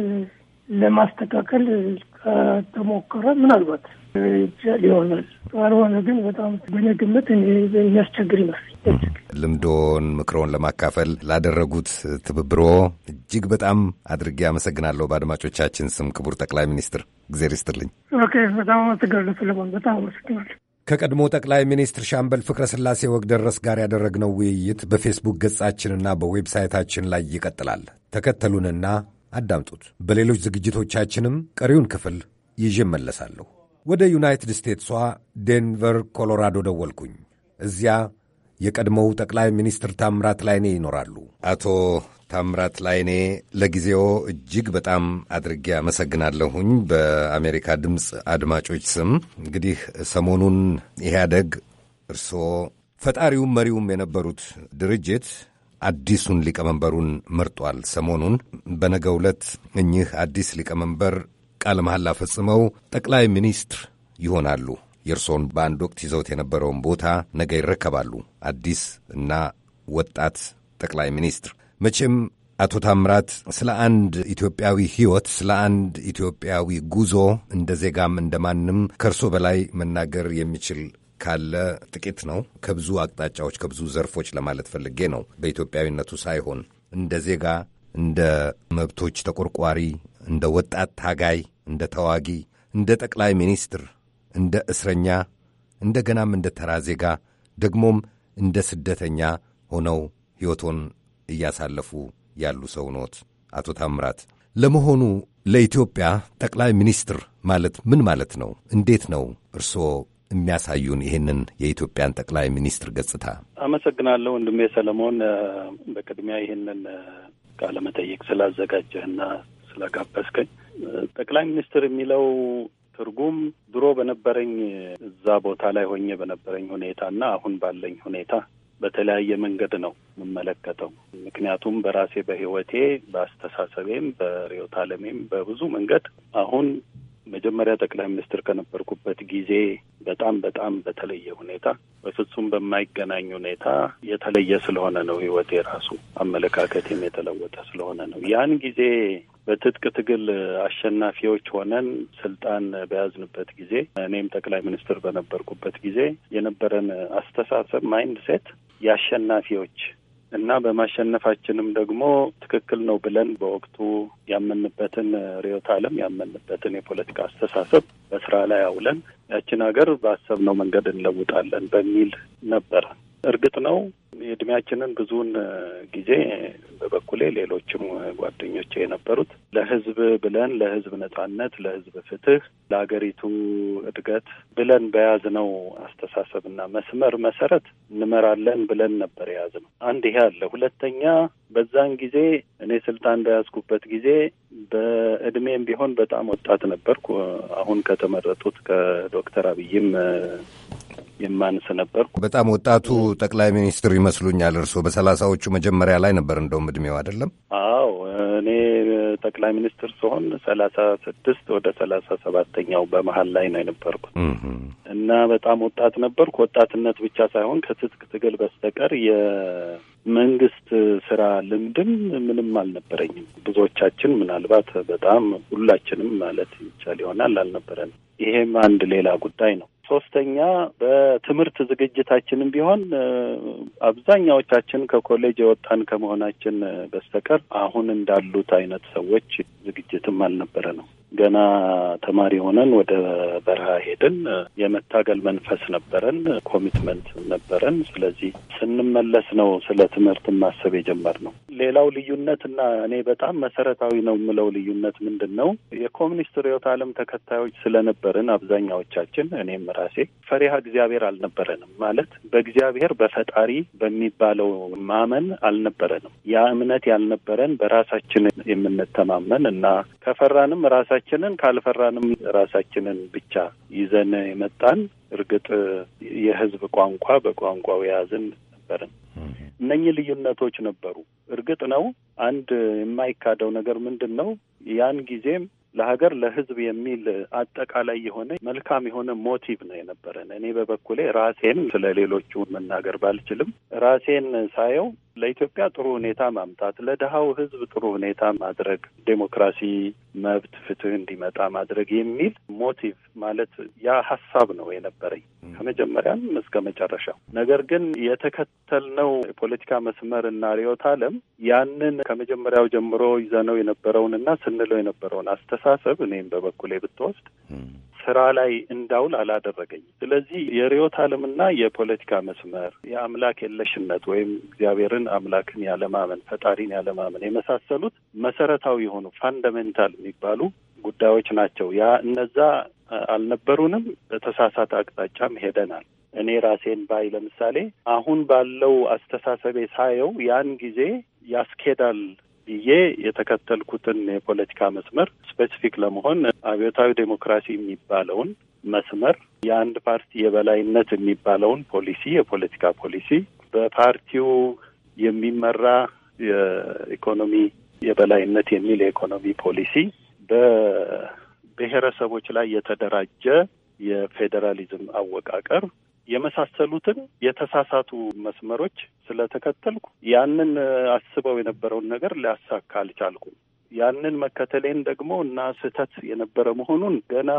ለማስተካከል ከተሞከረ ምናልባት ይቻል ግን በጣም በእኔ ግምት የሚያስቸግር ይመስል ልምዶን ምክሮን ለማካፈል ላደረጉት ትብብሮ እጅግ በጣም አድርጌ አመሰግናለሁ። በአድማጮቻችን ስም ክቡር ጠቅላይ ሚኒስትር እግዜር ይስጥልኝ። በጣም አመሰግናለሁ ሰለሞን፣ በጣም አመሰግናለሁ። ከቀድሞ ጠቅላይ ሚኒስትር ሻምበል ፍቅረ ሥላሴ ወግደረስ ጋር ያደረግነው ውይይት በፌስቡክ ገጻችንና በዌብሳይታችን ላይ ይቀጥላል። ተከተሉንና አዳምጡት። በሌሎች ዝግጅቶቻችንም ቀሪውን ክፍል ይዤ እመለሳለሁ። ወደ ዩናይትድ ስቴትሷ ዴንቨር ኮሎራዶ ደወልኩኝ። እዚያ የቀድሞው ጠቅላይ ሚኒስትር ታምራት ላይኔ ይኖራሉ። አቶ ታምራት ላይኔ ለጊዜው እጅግ በጣም አድርጌ አመሰግናለሁኝ በአሜሪካ ድምፅ አድማጮች ስም። እንግዲህ ሰሞኑን ኢህአደግ እርስዎ ፈጣሪውም መሪውም የነበሩት ድርጅት አዲሱን ሊቀመንበሩን መርጧል። ሰሞኑን በነገው ዕለት እኚህ አዲስ ሊቀመንበር ቃለ መሐላ ፈጽመው ጠቅላይ ሚኒስትር ይሆናሉ። የእርሶን በአንድ ወቅት ይዘውት የነበረውን ቦታ ነገ ይረከባሉ። አዲስ እና ወጣት ጠቅላይ ሚኒስትር መቼም አቶ ታምራት ስለ አንድ ኢትዮጵያዊ ሕይወት ስለ አንድ ኢትዮጵያዊ ጉዞ እንደ ዜጋም እንደ ማንም ከእርሶ በላይ መናገር የሚችል ካለ ጥቂት ነው። ከብዙ አቅጣጫዎች ከብዙ ዘርፎች ለማለት ፈልጌ ነው። በኢትዮጵያዊነቱ ሳይሆን እንደ ዜጋ፣ እንደ መብቶች ተቆርቋሪ፣ እንደ ወጣት ታጋይ እንደ ተዋጊ፣ እንደ ጠቅላይ ሚኒስትር፣ እንደ እስረኛ፣ እንደ ገናም እንደ ተራ ዜጋ ደግሞም እንደ ስደተኛ ሆነው ሕይወቶን እያሳለፉ ያሉ ሰው ኖት አቶ ታምራት። ለመሆኑ ለኢትዮጵያ ጠቅላይ ሚኒስትር ማለት ምን ማለት ነው? እንዴት ነው እርስዎ የሚያሳዩን ይህንን የኢትዮጵያን ጠቅላይ ሚኒስትር ገጽታ? አመሰግናለሁ ወንድሜ ሰለሞን፣ በቅድሚያ ይህንን ቃለመጠይቅ ስላዘጋጀህና ስለጋበዝከኝ ጠቅላይ ሚኒስትር የሚለው ትርጉም ድሮ በነበረኝ እዛ ቦታ ላይ ሆኜ በነበረኝ ሁኔታ እና አሁን ባለኝ ሁኔታ በተለያየ መንገድ ነው የምመለከተው። ምክንያቱም በራሴ በሕይወቴ በአስተሳሰቤም፣ በርዕዮተ ዓለሜም በብዙ መንገድ አሁን መጀመሪያ ጠቅላይ ሚኒስትር ከነበርኩበት ጊዜ በጣም በጣም በተለየ ሁኔታ በፍጹም በማይገናኝ ሁኔታ የተለየ ስለሆነ ነው ህይወቴ ራሱ አመለካከቴም የተለወጠ ስለሆነ ነው ያን ጊዜ በትጥቅ ትግል አሸናፊዎች ሆነን ስልጣን በያዝንበት ጊዜ እኔም ጠቅላይ ሚኒስትር በነበርኩበት ጊዜ የነበረን አስተሳሰብ ማይንድ ሴት የአሸናፊዎች እና በማሸነፋችንም ደግሞ ትክክል ነው ብለን በወቅቱ ያመንበትን ርዕዮተ ዓለም ያመንበትን የፖለቲካ አስተሳሰብ በስራ ላይ አውለን ያችን ሀገር ባሰብነው መንገድ እንለውጣለን በሚል ነበር እርግጥ ነው የእድሜያችንን ብዙውን ጊዜ በበኩሌ ሌሎችም ጓደኞቼ የነበሩት ለህዝብ ብለን ለህዝብ ነጻነት፣ ለህዝብ ፍትህ፣ ለሀገሪቱ እድገት ብለን በያዝነው አስተሳሰብና መስመር መሰረት እንመራለን ብለን ነበር የያዝነው። አንድ ይሄ አለ። ሁለተኛ በዛን ጊዜ እኔ ስልጣን በያዝኩበት ጊዜ በእድሜም ቢሆን በጣም ወጣት ነበርኩ። አሁን ከተመረጡት ከዶክተር አብይም የማንስ ነበርኩ። በጣም ወጣቱ ጠቅላይ ሚኒስትር ይመስሉኛል። እርስዎ በሰላሳዎቹ መጀመሪያ ላይ ነበር እንደውም እድሜው አይደለም? አዎ እኔ ጠቅላይ ሚኒስትር ስሆን ሰላሳ ስድስት ወደ ሰላሳ ሰባተኛው በመሀል ላይ ነው የነበርኩት እና በጣም ወጣት ነበርኩ። ወጣትነት ብቻ ሳይሆን ከትጥቅ ትግል በስተቀር መንግስት ስራ ልምድም ምንም አልነበረኝም። ብዙዎቻችን ምናልባት በጣም ሁላችንም ማለት ይቻል ይሆናል አልነበረን። ይሄም አንድ ሌላ ጉዳይ ነው። ሶስተኛ በትምህርት ዝግጅታችንም ቢሆን አብዛኛዎቻችን ከኮሌጅ የወጣን ከመሆናችን በስተቀር አሁን እንዳሉት አይነት ሰዎች ዝግጅትም አልነበረ ነው። ገና ተማሪ ሆነን ወደ በረሃ ሄድን። የመታገል መንፈስ ነበረን፣ ኮሚትመንት ነበረን። ስለዚህ ስንመለስ ነው ስለ ትምህርት ማሰብ የጀመርነው። ሌላው ልዩነት እና እኔ በጣም መሰረታዊ ነው የምለው ልዩነት ምንድን ነው? የኮሚኒስት ርዕዮተ ዓለም ተከታዮች ስለነበርን አብዛኛዎቻችን፣ እኔም ራሴ ፈሪሃ እግዚአብሔር አልነበረንም። ማለት በእግዚአብሔር በፈጣሪ በሚባለው ማመን አልነበረንም። ያ እምነት ያልነበረን በራሳችን የምንተማመን እና ከፈራንም ራሳችን ራሳችንን ካልፈራንም ራሳችንን ብቻ ይዘን የመጣን እርግጥ የህዝብ ቋንቋ በቋንቋው የያዝን ነበርን። እነኚህ ልዩነቶች ነበሩ። እርግጥ ነው አንድ የማይካደው ነገር ምንድን ነው ያን ጊዜም ለሀገር ለህዝብ የሚል አጠቃላይ የሆነ መልካም የሆነ ሞቲቭ ነው የነበረን። እኔ በበኩሌ ራሴን ስለ ሌሎቹ መናገር ባልችልም ራሴን ሳየው ለኢትዮጵያ ጥሩ ሁኔታ ማምጣት፣ ለድሃው ህዝብ ጥሩ ሁኔታ ማድረግ፣ ዴሞክራሲ፣ መብት፣ ፍትህ እንዲመጣ ማድረግ የሚል ሞቲቭ ማለት ያ ሀሳብ ነው የነበረኝ ከመጀመሪያም እስከ መጨረሻው። ነገር ግን የተከተልነው የፖለቲካ መስመር እና ርዕዮተ ዓለም ያንን ከመጀመሪያው ጀምሮ ይዘነው የነበረውንና ስንለው የነበረውን አስተሳሰብ እኔም በበኩሌ ብትወስድ ስራ ላይ እንዳውል አላደረገኝ ስለዚህ የርዕዮተ ዓለምና የፖለቲካ መስመር የአምላክ የለሽነት ወይም እግዚአብሔርን አምላክን ያለማመን ፈጣሪን ያለማመን የመሳሰሉት መሰረታዊ የሆኑ ፋንዳሜንታል የሚባሉ ጉዳዮች ናቸው። ያ እነዛ አልነበሩንም። በተሳሳተ አቅጣጫም ሄደናል። እኔ ራሴን ባይ ለምሳሌ አሁን ባለው አስተሳሰቤ ሳየው ያን ጊዜ ያስኬዳል ብዬ የተከተልኩትን የፖለቲካ መስመር ስፔሲፊክ ለመሆን አብዮታዊ ዴሞክራሲ የሚባለውን መስመር የአንድ ፓርቲ የበላይነት የሚባለውን ፖሊሲ የፖለቲካ ፖሊሲ በፓርቲው የሚመራ የኢኮኖሚ የበላይነት የሚል የኢኮኖሚ ፖሊሲ በብሔረሰቦች ላይ የተደራጀ የፌዴራሊዝም አወቃቀር የመሳሰሉትን የተሳሳቱ መስመሮች ስለተከተልኩ ያንን አስበው የነበረውን ነገር ሊያሳካ አልቻልኩም። ያንን መከተሌን ደግሞ እና ስህተት የነበረ መሆኑን ገና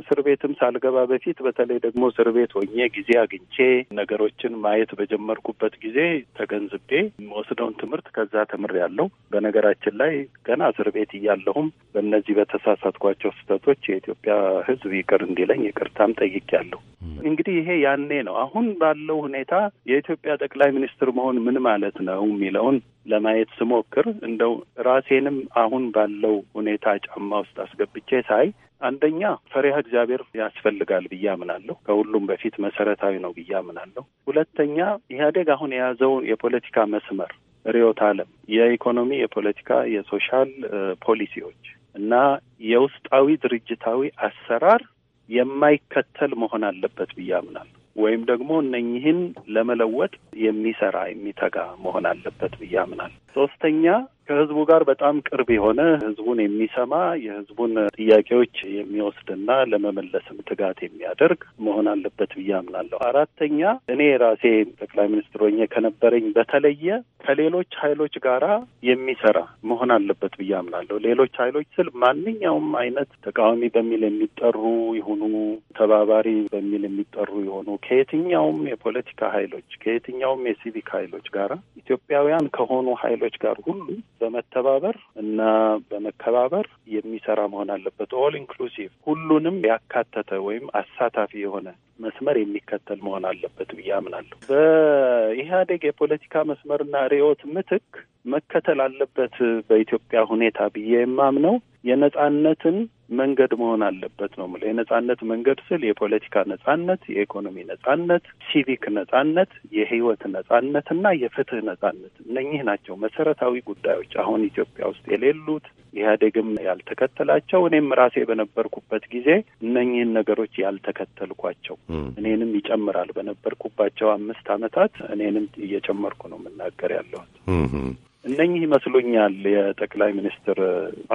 እስር ቤትም ሳልገባ በፊት በተለይ ደግሞ እስር ቤት ሆኜ ጊዜ አግኝቼ ነገሮችን ማየት በጀመርኩበት ጊዜ ተገንዝቤ ወስደውን ትምህርት ከዛ ተምሬያለሁ። በነገራችን ላይ ገና እስር ቤት እያለሁም በእነዚህ በተሳሳትኳቸው ስህተቶች የኢትዮጵያ ሕዝብ ይቅር እንዲለኝ ይቅርታም ጠይቄያለሁ። እንግዲህ ይሄ ያኔ ነው። አሁን ባለው ሁኔታ የኢትዮጵያ ጠቅላይ ሚኒስትር መሆን ምን ማለት ነው የሚለውን ለማየት ስሞክር እንደው ራሴንም አሁን ባለው ሁኔታ ጫማ ውስጥ አስገብቼ ሳይ አንደኛ ፈሪሃ እግዚአብሔር ያስፈልጋል ብዬ አምናለሁ። ከሁሉም በፊት መሰረታዊ ነው ብዬ አምናለሁ። ሁለተኛ ኢህአዴግ አሁን የያዘውን የፖለቲካ መስመር ርዕዮተ ዓለም፣ የኢኮኖሚ፣ የፖለቲካ፣ የሶሻል ፖሊሲዎች እና የውስጣዊ ድርጅታዊ አሰራር የማይከተል መሆን አለበት ብዬ አምናለሁ። ወይም ደግሞ እነኝህን ለመለወጥ የሚሰራ የሚተጋ መሆን አለበት ብዬ አምናለሁ። ሶስተኛ ከህዝቡ ጋር በጣም ቅርብ የሆነ ህዝቡን የሚሰማ የህዝቡን ጥያቄዎች የሚወስድና ለመመለስም ትጋት የሚያደርግ መሆን አለበት ብዬ አምናለሁ። አራተኛ እኔ ራሴ ጠቅላይ ሚኒስትር ሆኜ ከነበረኝ በተለየ ከሌሎች ኃይሎች ጋራ የሚሰራ መሆን አለበት ብዬ አምናለሁ። ሌሎች ኃይሎች ስል ማንኛውም አይነት ተቃዋሚ በሚል የሚጠሩ የሆኑ ተባባሪ በሚል የሚጠሩ የሆኑ ከየትኛውም የፖለቲካ ኃይሎች ከየትኛውም የሲቪክ ኃይሎች ጋራ ኢትዮጵያውያን ከሆኑ ኃይሎች ሀገሮች ጋር ሁሉ በመተባበር እና በመከባበር የሚሰራ መሆን አለበት። ኦል ኢንክሉሲቭ ሁሉንም ያካተተ ወይም አሳታፊ የሆነ መስመር የሚከተል መሆን አለበት ብዬ አምናለሁ። በኢህአዴግ የፖለቲካ መስመርና ርዕዮት ምትክ መከተል አለበት በኢትዮጵያ ሁኔታ ብዬ የማምነው የነጻነትን መንገድ መሆን አለበት ነው የምልህ። የነጻነት መንገድ ስል የፖለቲካ ነጻነት፣ የኢኮኖሚ ነጻነት፣ ሲቪክ ነጻነት፣ የህይወት ነጻነት እና የፍትህ ነጻነት እነኚህ ናቸው መሰረታዊ ጉዳዮች አሁን ኢትዮጵያ ውስጥ የሌሉት ኢህአዴግም ያልተከተላቸው እኔም ራሴ በነበርኩበት ጊዜ እነኚህን ነገሮች ያልተከተልኳቸው እኔንም ይጨምራል በነበርኩባቸው አምስት አመታት እኔንም እየጨመርኩ ነው የምናገር ያለሁት። እነኚህ ይመስሉኛል የጠቅላይ ሚኒስትር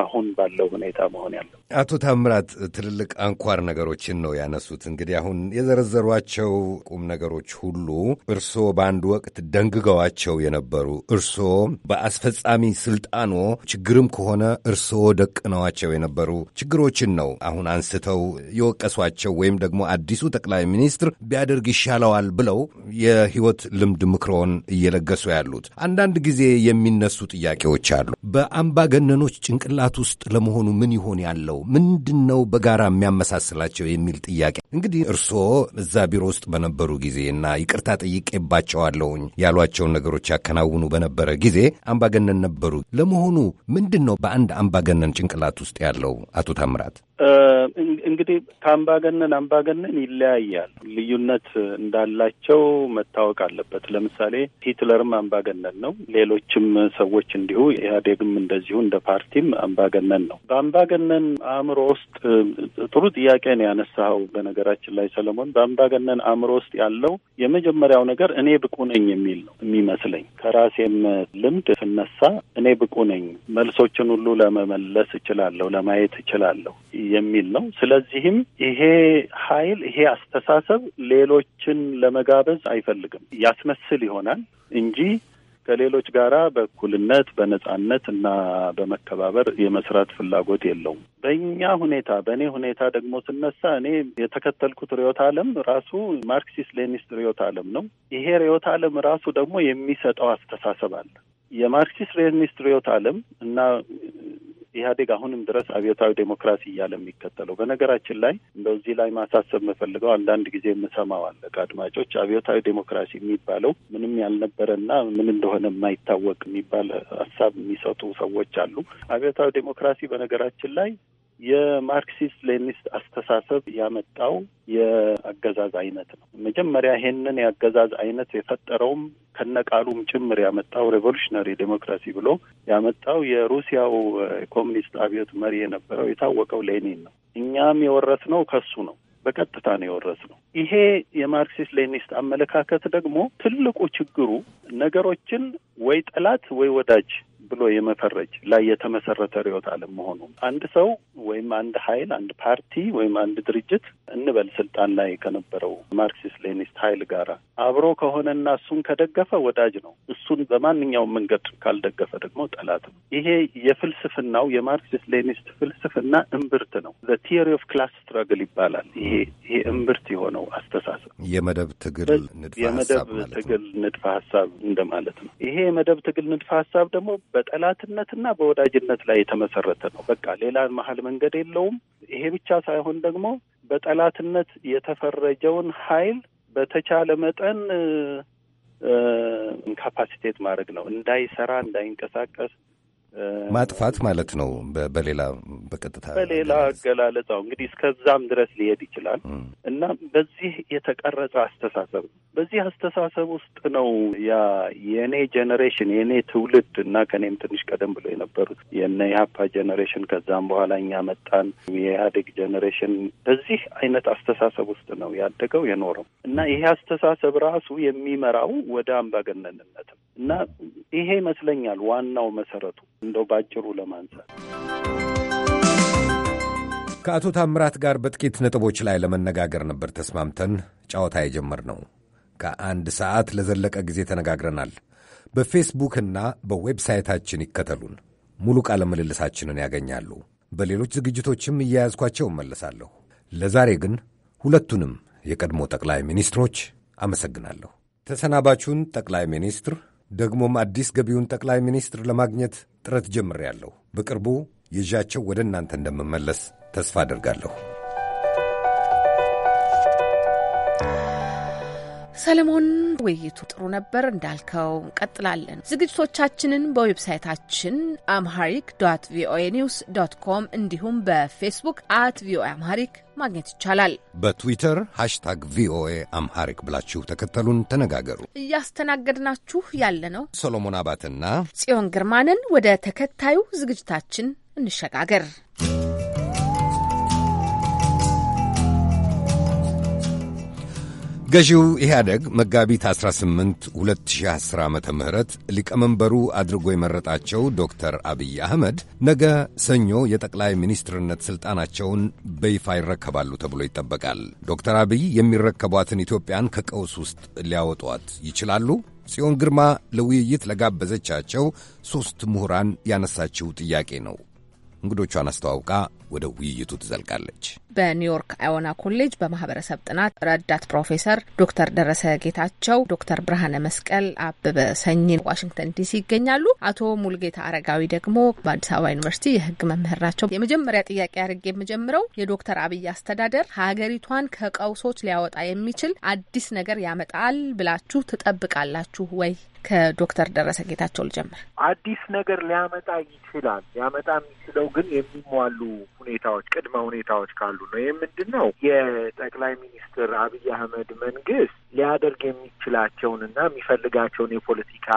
አሁን ባለው ሁኔታ መሆን ያለው። አቶ ታምራት ትልልቅ አንኳር ነገሮችን ነው ያነሱት። እንግዲህ አሁን የዘረዘሯቸው ቁም ነገሮች ሁሉ እርስዎ በአንድ ወቅት ደንግገዋቸው የነበሩ እርስዎ በአስፈጻሚ ስልጣኖ ችግርም ከሆነ እርስዎ ደቅነዋቸው የነበሩ ችግሮችን ነው አሁን አንስተው የወቀሷቸው ወይም ደግሞ አዲሱ ጠቅላይ ሚኒስትር ቢያደርግ ይሻለዋል ብለው የህይወት ልምድ ምክሮን እየለገሱ ያሉት አንዳንድ ጊዜ የሚ የሚነሱ ጥያቄዎች አሉ። በአምባገነኖች ጭንቅላት ውስጥ ለመሆኑ ምን ይሆን ያለው ምንድን ነው በጋራ የሚያመሳስላቸው የሚል ጥያቄ እንግዲህ እርስዎ እዛ ቢሮ ውስጥ በነበሩ ጊዜ እና ይቅርታ ጠይቄባቸዋለሁኝ ያሏቸውን ነገሮች ያከናውኑ በነበረ ጊዜ አምባገነን ነበሩ። ለመሆኑ ምንድን ነው በአንድ አምባገነን ጭንቅላት ውስጥ ያለው አቶ ታምራት? እንግዲህ ከአምባገነን አምባገነን ይለያያል። ልዩነት እንዳላቸው መታወቅ አለበት። ለምሳሌ ሂትለርም አምባገነን ነው። ሌሎችም ሰዎች እንዲሁ፣ ኢህአዴግም እንደዚሁ እንደ ፓርቲም አምባገነን ነው። በአምባገነን አእምሮ ውስጥ ጥሩ ጥያቄ ነው ያነሳኸው። በነገራችን ላይ ሰለሞን፣ በአምባገነን አእምሮ ውስጥ ያለው የመጀመሪያው ነገር እኔ ብቁ ነኝ የሚል ነው የሚመስለኝ። ከራሴም ልምድ ስነሳ እኔ ብቁ ነኝ፣ መልሶችን ሁሉ ለመመለስ እችላለሁ፣ ለማየት እችላለሁ የሚል ነው። ስለዚህም ይሄ ኃይል ይሄ አስተሳሰብ ሌሎችን ለመጋበዝ አይፈልግም። ያስመስል ይሆናል እንጂ ከሌሎች ጋራ በእኩልነት በነጻነት እና በመከባበር የመስራት ፍላጎት የለውም። በእኛ ሁኔታ በእኔ ሁኔታ ደግሞ ስነሳ እኔ የተከተልኩት ርዕዮተ ዓለም ራሱ ማርክሲስት ሌኒስት ርዕዮተ ዓለም ነው። ይሄ ርዕዮተ ዓለም ራሱ ደግሞ የሚሰጠው አስተሳሰብ አለ። የማርክሲስት ሌኒስት ርዕዮተ ዓለም እና ኢህአዴግ አሁንም ድረስ አብዮታዊ ዴሞክራሲ እያለ የሚከተለው በነገራችን ላይ እንደዚህ ላይ ማሳሰብ መፈልገው አንዳንድ ጊዜ የምሰማው አለ ከአድማጮች አብዮታዊ ዴሞክራሲ የሚባለው ምንም ያልነበረና ምን እንደሆነ የማይታወቅ የሚባል ሀሳብ የሚሰጡ ሰዎች አሉ። አብዮታዊ ዴሞክራሲ በነገራችን ላይ የማርክሲስት ሌኒስት አስተሳሰብ ያመጣው የአገዛዝ አይነት ነው። መጀመሪያ ይሄንን የአገዛዝ አይነት የፈጠረውም ከነቃሉም ጭምር ያመጣው ሬቮሉሽነሪ ዴሞክራሲ ብሎ ያመጣው የሩሲያው ኮሚኒስት አብዮት መሪ የነበረው የታወቀው ሌኒን ነው። እኛም የወረስነው ከሱ ነው። በቀጥታ ነው የወረስነው። ይሄ የማርክሲስት ሌኒስት አመለካከት ደግሞ ትልቁ ችግሩ ነገሮችን ወይ ጠላት ወይ ወዳጅ ብሎ የመፈረጅ ላይ የተመሰረተ ርዕዮተ ዓለም መሆኑ አንድ ሰው ወይም አንድ ኃይል አንድ ፓርቲ ወይም አንድ ድርጅት እንበል ስልጣን ላይ ከነበረው ማርክሲስት ሌኒስት ኃይል ጋር አብሮ ከሆነና እሱን ከደገፈ ወዳጅ ነው። እሱን በማንኛውም መንገድ ካልደገፈ ደግሞ ጠላት ነው። ይሄ የፍልስፍናው የማርክሲስት ሌኒስት ፍልስፍና እምብርት ነው። ቲዮሪ ኦፍ ክላስ ስትራግል ይባላል። ይሄ ይሄ እምብርት የሆነው አስተሳሰብ የመደብ ትግል ንድፈ የመደብ ትግል ንድፈ ሀሳብ እንደማለት ነው። ይሄ የመደብ ትግል ንድፈ ሀሳብ ደግሞ በጠላትነትና በወዳጅነት ላይ የተመሰረተ ነው። በቃ ሌላ መሀል መንገድ የለውም። ይሄ ብቻ ሳይሆን ደግሞ በጠላትነት የተፈረጀውን ኃይል በተቻለ መጠን ኢንካፓሲቴት ማድረግ ነው። እንዳይሰራ፣ እንዳይንቀሳቀስ፣ ማጥፋት ማለት ነው። በሌላ በቀጥታ በሌላ አገላለጻው እንግዲህ እስከዛም ድረስ ሊሄድ ይችላል እና በዚህ የተቀረጸ አስተሳሰብ ነው። በዚህ አስተሳሰብ ውስጥ ነው ያ የእኔ ጄኔሬሽን የእኔ ትውልድ እና ከእኔም ትንሽ ቀደም ብሎ የነበሩት የነ ኢህአፓ ጄኔሬሽን ከዛም በኋላ እኛ መጣን፣ የኢህአዴግ ጄኔሬሽን በዚህ አይነት አስተሳሰብ ውስጥ ነው ያደገው የኖረው እና ይሄ አስተሳሰብ ራሱ የሚመራው ወደ አምባገነንነትም እና ይሄ ይመስለኛል ዋናው መሰረቱ እንደው ባጭሩ ለማንሳት ከአቶ ታምራት ጋር በጥቂት ነጥቦች ላይ ለመነጋገር ነበር ተስማምተን ጨዋታ የጀመርነው። ከአንድ ሰዓት ለዘለቀ ጊዜ ተነጋግረናል። በፌስቡክና በዌብሳይታችን ይከተሉን። ሙሉ ቃለ ምልልሳችንን ያገኛሉ። በሌሎች ዝግጅቶችም እያያዝኳቸው እመለሳለሁ። ለዛሬ ግን ሁለቱንም የቀድሞ ጠቅላይ ሚኒስትሮች አመሰግናለሁ። ተሰናባቹን ጠቅላይ ሚኒስትር ደግሞም አዲስ ገቢውን ጠቅላይ ሚኒስትር ለማግኘት ጥረት ጀምሬያለሁ። በቅርቡ ይዣቸው ወደ እናንተ እንደምመለስ ተስፋ አደርጋለሁ። ሰለሞን፣ ውይይቱ ጥሩ ነበር እንዳልከው እንቀጥላለን። ዝግጅቶቻችንን በዌብሳይታችን አምሃሪክ ዶት ቪኦኤ ኒውስ ዶት ኮም እንዲሁም በፌስቡክ አት ቪኦኤ አምሃሪክ ማግኘት ይቻላል። በትዊተር ሃሽታግ ቪኦኤ አምሃሪክ ብላችሁ ተከተሉን፣ ተነጋገሩ። እያስተናገድናችሁ ያለነው ሰሎሞን አባትና ጽዮን ግርማንን። ወደ ተከታዩ ዝግጅታችን እንሸጋገር። ገዢው ኢህአደግ መጋቢት 18 2010 ዓ ም ሊቀመንበሩ አድርጎ የመረጣቸው ዶክተር አብይ አህመድ ነገ ሰኞ የጠቅላይ ሚኒስትርነት ሥልጣናቸውን በይፋ ይረከባሉ ተብሎ ይጠበቃል። ዶክተር አብይ የሚረከቧትን ኢትዮጵያን ከቀውስ ውስጥ ሊያወጧት ይችላሉ? ጽዮን ግርማ ለውይይት ለጋበዘቻቸው ሦስት ምሁራን ያነሳችው ጥያቄ ነው። እንግዶቿን አስተዋውቃ ወደ ውይይቱ ትዘልቃለች። በኒውዮርክ አዮና ኮሌጅ በማህበረሰብ ጥናት ረዳት ፕሮፌሰር ዶክተር ደረሰ ጌታቸው፣ ዶክተር ብርሃነ መስቀል አበበ ሰኝን ዋሽንግተን ዲሲ ይገኛሉ። አቶ ሙልጌታ አረጋዊ ደግሞ በአዲስ አበባ ዩኒቨርሲቲ የህግ መምህር ናቸው። የመጀመሪያ ጥያቄ አድርጌ የምጀምረው የዶክተር አብይ አስተዳደር ሀገሪቷን ከቀውሶች ሊያወጣ የሚችል አዲስ ነገር ያመጣል ብላችሁ ትጠብቃላችሁ ወይ? ከዶክተር ደረሰ ጌታቸው ልጀምር። አዲስ ነገር ሊያመጣ ይችላል። ሊያመጣ የሚችለው ግን የሚሟሉ ሁኔታዎች፣ ቅድመ ሁኔታዎች ካሉ ነው። ይህ ምንድን ነው? የጠቅላይ ሚኒስትር አብይ አህመድ መንግስት ሊያደርግ የሚችላቸውንና የሚፈልጋቸውን የፖለቲካ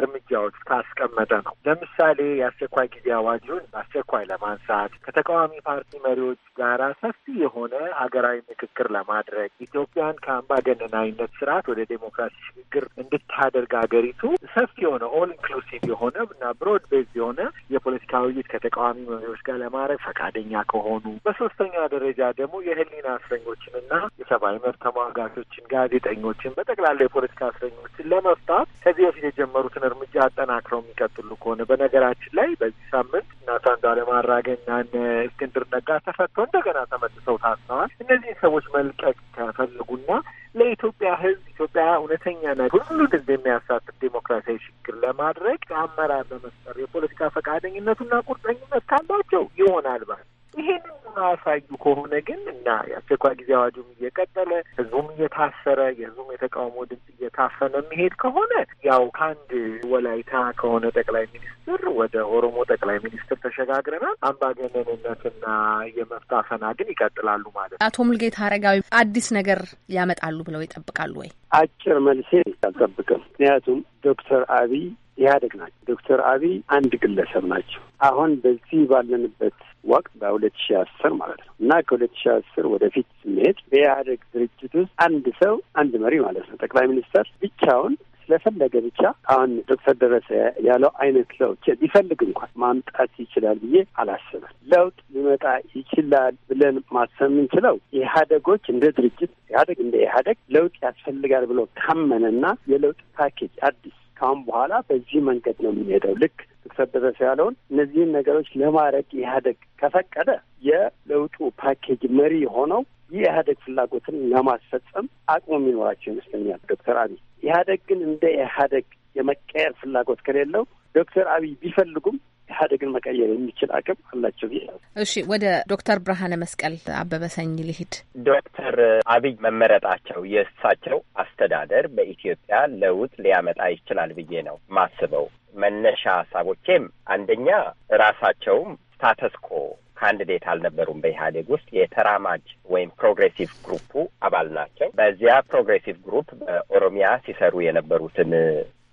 እርምጃዎች ካስቀመጠ ነው። ለምሳሌ የአስቸኳይ ጊዜ አዋጁን አስቸኳይ ለማንሳት ከተቃዋሚ ፓርቲ መሪዎች ጋራ ሰፊ የሆነ ሀገራዊ ምክክር ለማድረግ ኢትዮጵያን ከአምባገነናዊነት ስርዓት ወደ ዴሞክራሲ ሽግግር እንድታደርግ ሀገሪቱ ሰፊ የሆነ ኦል ኢንክሉሲቭ የሆነ እና ብሮድ ቤዝ የሆነ የፖለቲካ ውይይት ከተቃዋሚ መሪዎች ጋር ለማድረግ ፈቃደኛ ከሆኑ በሶስተኛ ደረጃ ደግሞ የህሊና እስረኞችንና የሰብአዊ መብት ተሟጋቾችን፣ ጋዜጠኞችን፣ በጠቅላላ የፖለቲካ እስረኞችን ለመፍታት ከዚህ በፊት የጀመሩትን እርምጃ አጠናክረው የሚቀጥሉ ከሆነ በነገራችን ላይ በዚህ ሳምንት እና አንዱዓለም አራጌ እና እስክንድር ነጋ ተፈቶ እንደገና ተመልሰው ታስረዋል። እነዚህን ሰዎች መልቀቅ ከፈለጉና ለኢትዮጵያ ሕዝብ ኢትዮጵያ እውነተኛና ሁሉን የሚያሳትፍ ዴሞክራሲያዊ ችግር ለማድረግ አመራር ለመፍጠር የፖለቲካ ፈቃደኝነቱና ቁርጠኝነት ካላቸው ይሆናል ባል ይሄንን ማያሳዩ ከሆነ ግን እና የአስቸኳይ ጊዜ አዋጁም እየቀጠለ ህዝቡም እየታሰረ የህዝቡም የተቃውሞ ድምጽ እየታፈነ የሚሄድ ከሆነ ያው ከአንድ ወላይታ ከሆነ ጠቅላይ ሚኒስትር ወደ ኦሮሞ ጠቅላይ ሚኒስትር ተሸጋግረናል። አምባገነንነትና የመፍታፈና ግን ይቀጥላሉ ማለት ነው። አቶ ሙልጌታ አረጋዊ አዲስ ነገር ያመጣሉ ብለው ይጠብቃሉ ወይ? አጭር መልሴ አልጠብቅም። ምክንያቱም ዶክተር አብይ ኢህአዴግ ናቸው። ዶክተር አብይ አንድ ግለሰብ ናቸው። አሁን በዚህ ባለንበት ወቅት በሁለት ሺ አስር ማለት ነው እና ከሁለት ሺ አስር ወደፊት ስንሄድ በኢህአዴግ ድርጅት ውስጥ አንድ ሰው አንድ መሪ ማለት ነው ጠቅላይ ሚኒስተር ብቻውን ስለፈለገ ብቻ አሁን ዶክተር ደረሰ ያለው አይነት ለውጥ ቢፈልግ እንኳን ማምጣት ይችላል ብዬ አላስብም። ለውጥ ሊመጣ ይችላል ብለን ማሰብ የምንችለው ኢህአደጎች እንደ ድርጅት ኢህአደግ እንደ ኢህአደግ ለውጥ ያስፈልጋል ብሎ ካመነና የለውጥ ፓኬጅ አዲስ ከአሁን በኋላ በዚህ መንገድ ነው የምንሄደው ልክ ተሰበሰ ያለውን እነዚህን ነገሮች ለማድረግ ኢህአዴግ ከፈቀደ የለውጡ ፓኬጅ መሪ ሆነው የኢህአዴግ ፍላጎትን ለማስፈጸም አቅሙ የሚኖራቸው ይመስለኛል ዶክተር አብይ። ኢህአዴግ ግን እንደ ኢህአዴግ የመቀየር ፍላጎት ከሌለው ዶክተር አብይ ቢፈልጉም ኢህአዴግን መቀየር የሚችል አቅም አላቸው። እሺ፣ ወደ ዶክተር ብርሃነ መስቀል አበበ ሰኝ ልሂድ። ዶክተር አብይ መመረጣቸው የእሳቸው አስተዳደር በኢትዮጵያ ለውጥ ሊያመጣ ይችላል ብዬ ነው ማስበው። መነሻ ሀሳቦቼም አንደኛ ራሳቸውም ስታተስኮ ካንዲዴት አልነበሩም። በኢህአዴግ ውስጥ የተራማጅ ወይም ፕሮግሬሲቭ ግሩፑ አባል ናቸው። በዚያ ፕሮግሬሲቭ ግሩፕ በኦሮሚያ ሲሰሩ የነበሩትን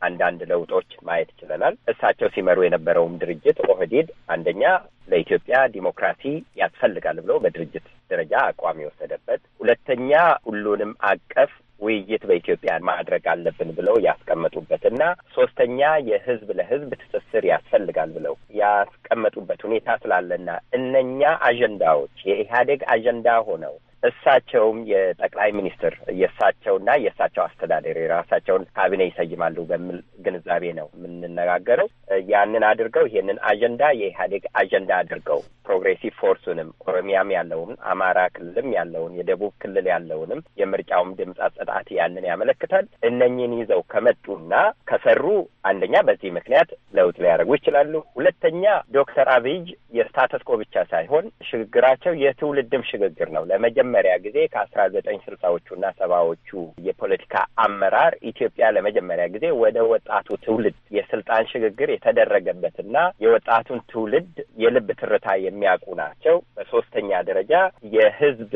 አንዳንድ ለውጦች ማየት ችለናል። እሳቸው ሲመሩ የነበረውም ድርጅት ኦህዴድ አንደኛ ለኢትዮጵያ ዲሞክራሲ ያስፈልጋል ብለው በድርጅት ደረጃ አቋም የወሰደበት፣ ሁለተኛ ሁሉንም አቀፍ ውይይት በኢትዮጵያ ማድረግ አለብን ብለው ያስቀመጡበትና ሶስተኛ የህዝብ ለህዝብ ትስስር ያስፈልጋል ብለው ያስቀመጡበት ሁኔታ ስላለና እነኛ አጀንዳዎች የኢህአዴግ አጀንዳ ሆነው እሳቸውም የጠቅላይ ሚኒስትር የእሳቸውና የእሳቸው አስተዳደር የራሳቸውን ካቢኔ ይሰይማሉ በሚል ግንዛቤ ነው የምንነጋገረው። ያንን አድርገው ይሄንን አጀንዳ የኢህአዴግ አጀንዳ አድርገው ፕሮግሬሲቭ ፎርሱንም ኦሮሚያም ያለውን አማራ ክልልም ያለውን የደቡብ ክልል ያለውንም የምርጫውም ድምፅ አጸጣት ያንን ያመለክታል። እነኝህን ይዘው ከመጡና ከሰሩ አንደኛ በዚህ ምክንያት ለውጥ ሊያደርጉ ይችላሉ። ሁለተኛ ዶክተር አብይ የስታተስኮ ብቻ ሳይሆን ሽግግራቸው የትውልድም ሽግግር ነው ለመጀመ ለመጀመሪያ ጊዜ ከአስራ ዘጠኝ ስልሳዎቹ እና ሰባዎቹ የፖለቲካ አመራር ኢትዮጵያ ለመጀመሪያ ጊዜ ወደ ወጣቱ ትውልድ የስልጣን ሽግግር የተደረገበትና የወጣቱን ትውልድ የልብ ትርታ የሚያውቁ ናቸው። በሶስተኛ ደረጃ የህዝብ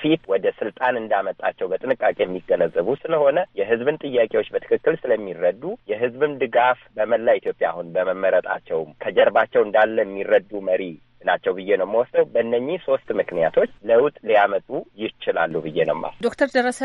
ፊት ወደ ስልጣን እንዳመጣቸው በጥንቃቄ የሚገነዘቡ ስለሆነ የህዝብን ጥያቄዎች በትክክል ስለሚረዱ የህዝብን ድጋፍ በመላ ኢትዮጵያ አሁን በመመረጣቸውም ከጀርባቸው እንዳለ የሚረዱ መሪ ናቸው ብዬ ነው የምወስደው። በእነኚህ ሶስት ምክንያቶች ለውጥ ሊያመጡ ይችላሉ ብዬ ነው የማስበው። ዶክተር ደረሰ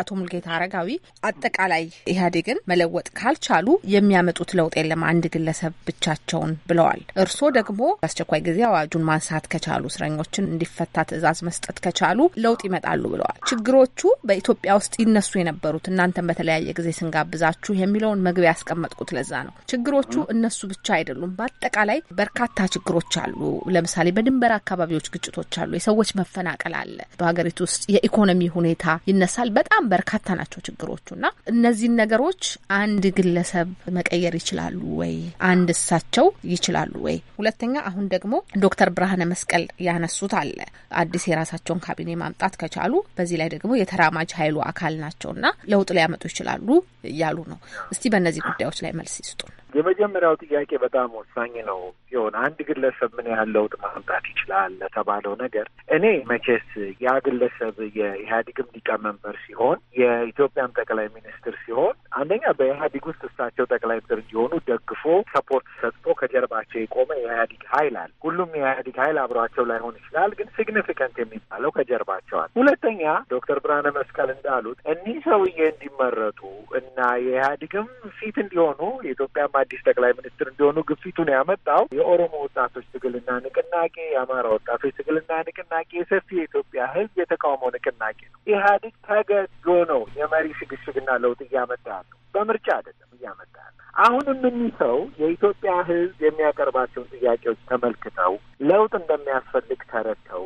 አቶ ሙልጌታ አረጋዊ አጠቃላይ ኢህአዴግን መለወጥ ካልቻሉ የሚያመጡት ለውጥ የለም አንድ ግለሰብ ብቻቸውን ብለዋል። እርስዎ ደግሞ በአስቸኳይ ጊዜ አዋጁን ማንሳት ከቻሉ፣ እስረኞችን እንዲፈታ ትዕዛዝ መስጠት ከቻሉ ለውጥ ይመጣሉ ብለዋል። ችግሮቹ በኢትዮጵያ ውስጥ ይነሱ የነበሩት እናንተን በተለያየ ጊዜ ስንጋብዛችሁ የሚለውን መግቢያ ያስቀመጥኩት ለዛ ነው። ችግሮቹ እነሱ ብቻ አይደሉም። በአጠቃላይ በርካታ ችግሮች አሉ ለምሳሌ በድንበር አካባቢዎች ግጭቶች አሉ፣ የሰዎች መፈናቀል አለ፣ በሀገሪቱ ውስጥ የኢኮኖሚ ሁኔታ ይነሳል። በጣም በርካታ ናቸው ችግሮቹና እነዚህን ነገሮች አንድ ግለሰብ መቀየር ይችላሉ ወይ? አንድ እሳቸው ይችላሉ ወይ? ሁለተኛ አሁን ደግሞ ዶክተር ብርሃነ መስቀል ያነሱት አለ አዲስ የራሳቸውን ካቢኔ ማምጣት ከቻሉ በዚህ ላይ ደግሞ የተራማጅ ኃይሉ አካል ናቸውና ለውጥ ሊያመጡ ይችላሉ እያሉ ነው። እስቲ በእነዚህ ጉዳዮች ላይ መልስ ይስጡን። የመጀመሪያው ጥያቄ በጣም ወሳኝ ነው። ሲሆን አንድ ግለሰብ ምን ያህል ለውጥ ማምጣት ይችላል ለተባለው ነገር እኔ መቼስ ያ ግለሰብ የኢህአዴግም ሊቀመንበር ሲሆን የኢትዮጵያም ጠቅላይ ሚኒስትር ሲሆን አንደኛ በኢህአዴግ ውስጥ እሳቸው ጠቅላይ ሚኒስትር እንዲሆኑ ደግፎ ሰፖርት ሰጥቶ ከጀርባቸው የቆመ የኢህአዴግ ኃይል አለ። ሁሉም የኢህአዴግ ኃይል አብሯቸው ላይሆን ይችላል፣ ግን ሲግኒፊካንት የሚባለው ከጀርባቸው አለ። ሁለተኛ ዶክተር ብርሃነ መስቀል እንዳሉት እኒህ ሰውዬ እንዲመረጡ እና የኢህአዴግም ፊት እንዲሆኑ የኢትዮጵያ አዲስ ጠቅላይ ሚኒስትር እንዲሆኑ ግፊቱን ያመጣው የኦሮሞ ወጣቶች ትግልና ንቅናቄ፣ የአማራ ወጣቶች ትግልና ንቅናቄ፣ የሰፊ የኢትዮጵያ ሕዝብ የተቃውሞ ንቅናቄ ነው። ኢህአዴግ ተገዶ ነው የመሪ ሽግሽግና ለውጥ እያመጣ ያለው በምርጫ አይደለም እያመጣ ያለ። አሁንም እኒህ ሰው የኢትዮጵያ ሕዝብ የሚያቀርባቸውን ጥያቄዎች ተመልክተው ለውጥ እንደሚያስፈልግ ተረድተው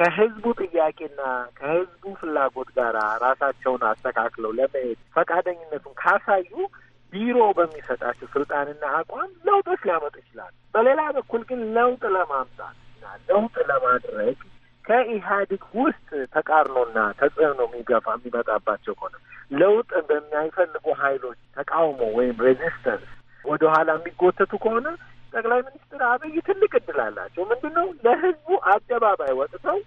ከህዝቡ ጥያቄና ከህዝቡ ፍላጎት ጋር ራሳቸውን አስተካክለው ለመሄድ ፈቃደኝነቱን ካሳዩ ቢሮ በሚሰጣቸው ስልጣንና አቋም ለውጦች ሊያመጡ ይችላል። በሌላ በኩል ግን ለውጥ ለማምጣትና ለውጥ ለማድረግ ከኢህአዴግ ውስጥ ተቃርኖና ተጽዕኖ የሚገፋ የሚመጣባቸው ከሆነ ለውጥ በሚያይፈልጉ ኃይሎች ተቃውሞ ወይም ሬዚስተንስ ወደኋላ የሚጎተቱ ከሆነ ጠቅላይ ሚኒስትር አብይ ትልቅ እድል አላቸው። ምንድን ነው ለህዝቡ አደባባይ ወጥተው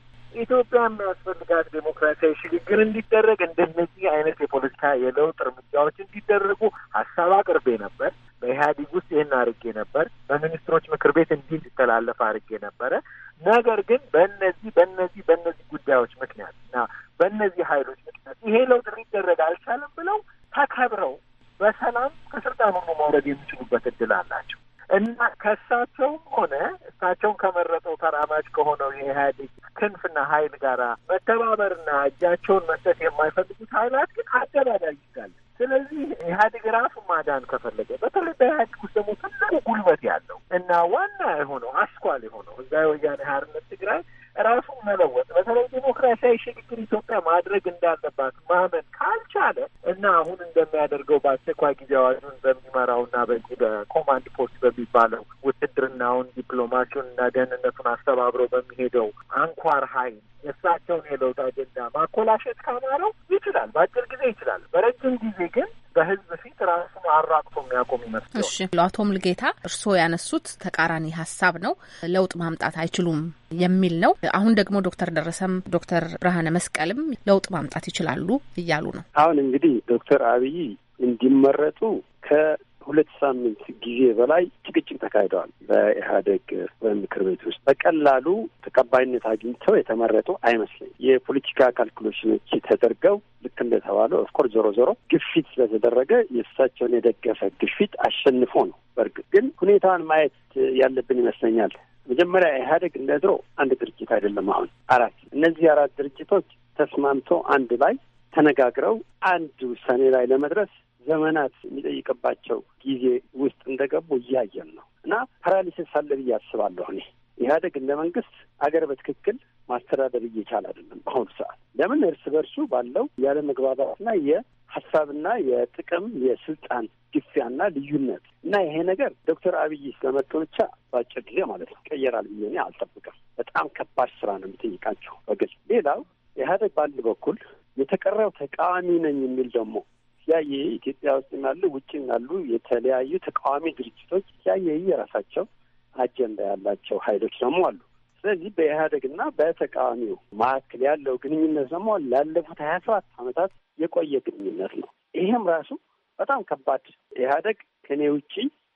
ኢትዮጵያ የሚያስፈልጋት ዴሞክራሲያዊ ሽግግር እንዲደረግ እንደነዚህ አይነት የፖለቲካ የለውጥ እርምጃዎች እንዲደረጉ ሀሳብ አቅርቤ ነበር። በኢህአዴግ ውስጥ ይህን አድርጌ ነበር። በሚኒስትሮች ምክር ቤት እንዲህ እንዲተላለፍ አድርጌ ነበረ። ነገር ግን በእነዚህ በእነዚህ በእነዚህ ጉዳዮች ምክንያት እና በእነዚህ ኃይሎች ምክንያት ይሄ ለውጥ ሊደረግ አልቻለም ብለው ተከብረው በሰላም ከስልጣን ሆኖ መውረድ የሚችሉበት እድል አላቸው። እና ከእሳቸው ሆነ እሳቸውን ከመረጠው ተራማጅ ከሆነው የኢህአዴግ ክንፍና ኃይል ጋር መተባበርና እጃቸውን መስጠት የማይፈልጉት ኃይላት ግን አደባባይ ይጋል። ስለዚህ ኢህአዴግ ራሱ ማዳን ከፈለገ በተለይ በኢህአዴግ ውስጥ ደግሞ ትልቁ ጉልበት ያለው እና ዋና የሆነው አስኳል የሆነው እዛ ወያኔ ሓርነት ትግራይ ራሱን መለወጥ በተለይ ዴሞክራሲያዊ ሽግግር ኢትዮጵያ ማድረግ እንዳለባት ማመን ካልቻለ እና አሁን እንደሚያደርገው በአስቸኳይ ጊዜ አዋጁን በሚመራውና በዚህ በኮማንድ ፖስት በሚባለው ውትድርናውን፣ ዲፕሎማሲውን እና ደህንነቱን አስተባብሮ በሚሄደው አንኳር ኃይል የእሳቸውን የለውጥ አጀንዳ ማኮላሸት ካማረው ይችላል፣ በአጭር ጊዜ ይችላል። በረጅም ጊዜ ግን በህዝብ ፊት ራሱን አራቅ የሚያቆም ይመስለዋል። እሺ አቶ ሙልጌታ እርስዎ ያነሱት ተቃራኒ ሀሳብ ነው፣ ለውጥ ማምጣት አይችሉም የሚል ነው። አሁን ደግሞ ዶክተር ደረሰም ዶክተር ብርሃነ መስቀልም ለውጥ ማምጣት ይችላሉ እያሉ ነው። አሁን እንግዲህ ዶክተር አብይ እንዲመረጡ ሁለት ሳምንት ጊዜ በላይ ጭቅጭቅ ተካሂደዋል። በኢህአዴግ በምክር ቤት ውስጥ በቀላሉ ተቀባይነት አግኝተው የተመረጡ አይመስለኝ የፖለቲካ ካልኩሌሽኖች ተደርገው ልክ እንደተባለው ኦፍኮርስ ዞሮ ዞሮ ግፊት ስለተደረገ የእሳቸውን የደገፈ ግፊት አሸንፎ ነው። በእርግጥ ግን ሁኔታውን ማየት ያለብን ይመስለኛል። መጀመሪያ ኢህአዴግ እንደ ድሮ አንድ ድርጅት አይደለም። አሁን አራት እነዚህ አራት ድርጅቶች ተስማምቶ አንድ ላይ ተነጋግረው አንድ ውሳኔ ላይ ለመድረስ ዘመናት የሚጠይቅባቸው ጊዜ ውስጥ እንደገቡ እያየን ነው እና ፓራሊሲስ አለ ብዬ አስባለሁ እኔ ኢህአደግ እንደ መንግስት አገር በትክክል ማስተዳደር እየቻል አይደለም በአሁኑ ሰዓት። ለምን እርስ በርሱ ባለው ያለ የሀሳብና የጥቅም የስልጣን ግፊያና ልዩነት እና ይሄ ነገር ዶክተር አብይ ስለመጡ ብቻ በአጭር ጊዜ ማለት ነው ይቀየራል ብዬ እኔ አልጠብቅም። በጣም ከባድ ስራ ነው የሚጠይቃቸው በግል። ሌላው ኢህአደግ በአንድ በኩል የተቀረው ተቃዋሚ ነኝ የሚል ደግሞ ሲአይኤ ኢትዮጵያ ውስጥም ያሉ ውጭም ያሉ የተለያዩ ተቃዋሚ ድርጅቶች ሲአይኤ የራሳቸው አጀንዳ ያላቸው ሀይሎች ደግሞ አሉ። ስለዚህ በኢህአዴግና በተቃዋሚው መካከል ያለው ግንኙነት ደግሞ ላለፉት ሀያ ሰባት አመታት የቆየ ግንኙነት ነው። ይሄም ራሱ በጣም ከባድ ኢህአደግ ከእኔ ውጪ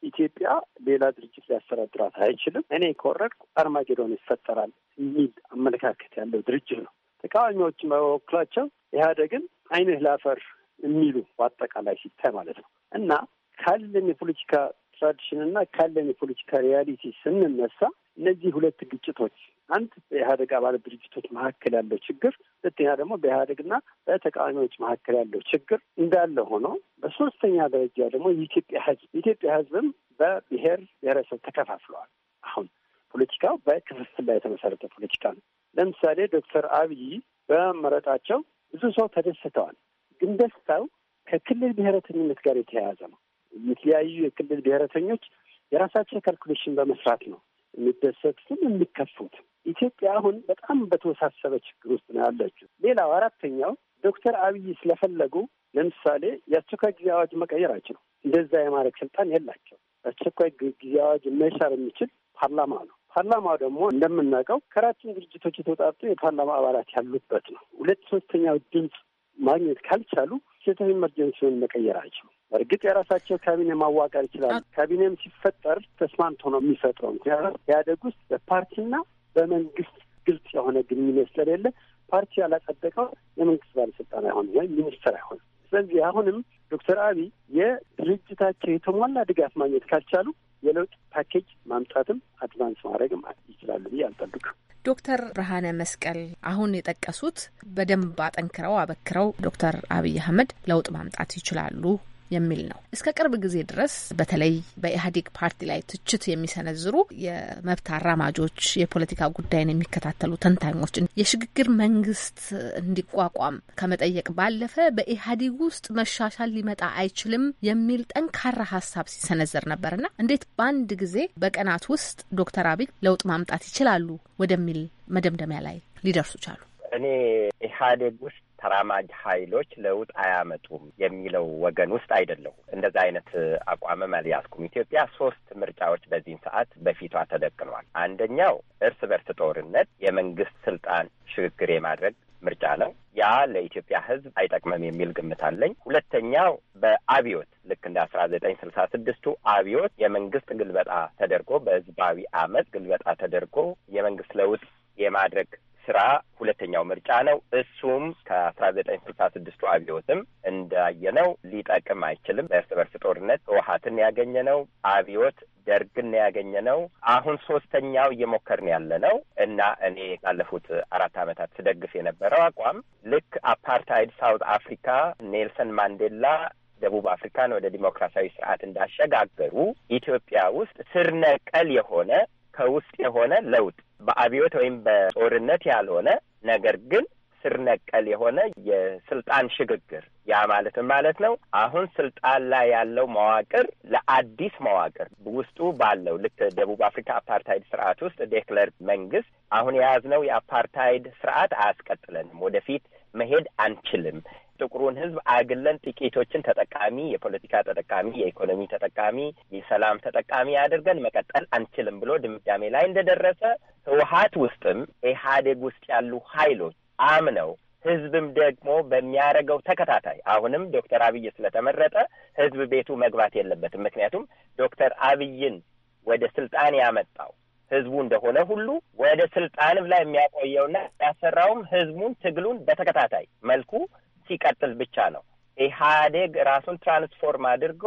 ኢትዮጵያ ሌላ ድርጅት ሊያስተዳድራት አይችልም፣ እኔ ከወረድኩ አርማጌዶን ይፈጠራል የሚል አመለካከት ያለው ድርጅት ነው። ተቃዋሚዎችን በበኩላቸው ኢህአደግን አይንህ ላፈር የሚሉ በአጠቃላይ ሲታይ ማለት ነው እና ካለን የፖለቲካ ትራዲሽን እና ካለን የፖለቲካ ሪያሊቲ ስንነሳ እነዚህ ሁለት ግጭቶች አንድ በኢህአደግ አባል ድርጅቶች መካከል ያለው ችግር፣ ሁለተኛ ደግሞ በኢህአደግና በተቃዋሚዎች መካከል ያለው ችግር እንዳለ ሆኖ በሶስተኛ ደረጃ ደግሞ የኢትዮጵያ ህዝብ የኢትዮጵያ ህዝብም በብሔር ብሔረሰብ ተከፋፍለዋል። አሁን ፖለቲካው በክፍፍል ላይ የተመሰረተ ፖለቲካ ነው። ለምሳሌ ዶክተር አብይ በመመረጣቸው ብዙ ሰው ተደስተዋል። ግን ደስታው ከክልል ብሔረተኝነት ጋር የተያያዘ ነው። የተለያዩ የክልል ብሔረተኞች የራሳቸው ካልኩሌሽን በመስራት ነው የሚደሰቱትም የሚከፉት። ኢትዮጵያ አሁን በጣም በተወሳሰበ ችግር ውስጥ ነው ያለችው። ሌላው አራተኛው ዶክተር አብይ ስለፈለጉ ለምሳሌ የአስቸኳይ ጊዜ አዋጅ መቀየር አይችሉም። እንደዛ የማድረግ ስልጣን የላቸው። አስቸኳይ ጊዜ አዋጅ መሻር የሚችል ፓርላማ ነው። ፓርላማው ደግሞ እንደምናውቀው ከራችን ድርጅቶች የተውጣጡ የፓርላማ አባላት ያሉበት ነው። ሁለት ሶስተኛው ድምፅ ማግኘት ካልቻሉ ስቴት ኢመርጀንሲውን መቀየር አይችሉም። እርግጥ የራሳቸው ካቢኔ ማዋቀር ይችላሉ። ካቢኔም ሲፈጠር ተስማምቶ ነው የሚፈጥረው። ምክንያቱም ኢህአዴግ ውስጥ በፓርቲና በመንግስት ግልጽ የሆነ ግንኙነት ስለሌለ ፓርቲ ያላጸደቀው የመንግስት ባለስልጣን አይሆንም ወይም ሚኒስትር አይሆንም። ስለዚህ አሁንም ዶክተር አብይ የድርጅታቸው የተሟላ ድጋፍ ማግኘት ካልቻሉ የለውጥ ፓኬጅ ማምጣትም አድቫንስ ማድረግም ይችላሉ ብዬ አልጠብቅም። ዶክተር ብርሃነ መስቀል አሁን የጠቀሱት በደንብ አጠንክረው አበክረው ዶክተር አብይ አህመድ ለውጥ ማምጣት ይችላሉ የሚል ነው። እስከ ቅርብ ጊዜ ድረስ በተለይ በኢህአዴግ ፓርቲ ላይ ትችት የሚሰነዝሩ የመብት አራማጆች፣ የፖለቲካ ጉዳይን የሚከታተሉ ተንታኞች የሽግግር መንግስት እንዲቋቋም ከመጠየቅ ባለፈ በኢህአዴግ ውስጥ መሻሻል ሊመጣ አይችልም የሚል ጠንካራ ሀሳብ ሲሰነዘር ነበርና እንዴት በአንድ ጊዜ በቀናት ውስጥ ዶክተር አብይ ለውጥ ማምጣት ይችላሉ ወደሚል መደምደሚያ ላይ ሊደርሱ ቻሉ? እኔ ኢህአዴግ ውስጥ ተራማጅ ኃይሎች ለውጥ አያመጡም የሚለው ወገን ውስጥ አይደለሁም። እንደዛ አይነት አቋምም አልያዝኩም። ኢትዮጵያ ሶስት ምርጫዎች በዚህን ሰዓት በፊቷ ተደቅኗል። አንደኛው እርስ በርስ ጦርነት፣ የመንግስት ስልጣን ሽግግር የማድረግ ምርጫ ነው። ያ ለኢትዮጵያ ሕዝብ አይጠቅምም የሚል ግምት አለኝ። ሁለተኛው በአብዮት ልክ እንደ አስራ ዘጠኝ ስልሳ ስድስቱ አብዮት የመንግስት ግልበጣ ተደርጎ በህዝባዊ አመት ግልበጣ ተደርጎ የመንግስት ለውጥ የማድረግ ስራ ሁለተኛው ምርጫ ነው። እሱም ከአስራ ዘጠኝ ስልሳ ስድስቱ አብዮትም እንዳየነው ሊጠቅም አይችልም። በእርስ በርስ ጦርነት ህወሀትን ያገኘ ነው አብዮት ደርግን ያገኘ ነው። አሁን ሶስተኛው እየሞከርን ያለ ነው እና እኔ ላለፉት አራት ዓመታት ስደግፍ የነበረው አቋም ልክ አፓርታይድ ሳውት አፍሪካ ኔልሰን ማንዴላ ደቡብ አፍሪካን ወደ ዲሞክራሲያዊ ስርዓት እንዳሸጋገሩ ኢትዮጵያ ውስጥ ስር ነቀል የሆነ ከውስጥ የሆነ ለውጥ በአብዮት ወይም በጦርነት ያልሆነ ነገር ግን ስር ነቀል የሆነ የስልጣን ሽግግር ያ ማለትም ማለት ነው። አሁን ስልጣን ላይ ያለው መዋቅር ለአዲስ መዋቅር ውስጡ ባለው ልክ ደቡብ አፍሪካ አፓርታይድ ስርዓት ውስጥ ዴክለር መንግስት አሁን የያዝነው የአፓርታይድ ስርዓት አያስቀጥለንም፣ ወደፊት መሄድ አንችልም። ጥቁሩን ህዝብ አግለን ጥቂቶችን ተጠቃሚ፣ የፖለቲካ ተጠቃሚ፣ የኢኮኖሚ ተጠቃሚ፣ የሰላም ተጠቃሚ አድርገን መቀጠል አንችልም ብሎ ድምዳሜ ላይ እንደደረሰ ህወሀት ውስጥም ኢህአዴግ ውስጥ ያሉ ኃይሎች አምነው ህዝብም ደግሞ በሚያደርገው ተከታታይ አሁንም ዶክተር አብይ ስለተመረጠ ህዝብ ቤቱ መግባት የለበትም። ምክንያቱም ዶክተር አብይን ወደ ስልጣን ያመጣው ህዝቡ እንደሆነ ሁሉ ወደ ስልጣንም ላይ የሚያቆየውና ያሰራውም ህዝቡን ትግሉን በተከታታይ መልኩ ሲቀጥል ብቻ ነው። ኢህአዴግ ራሱን ትራንስፎርም አድርጎ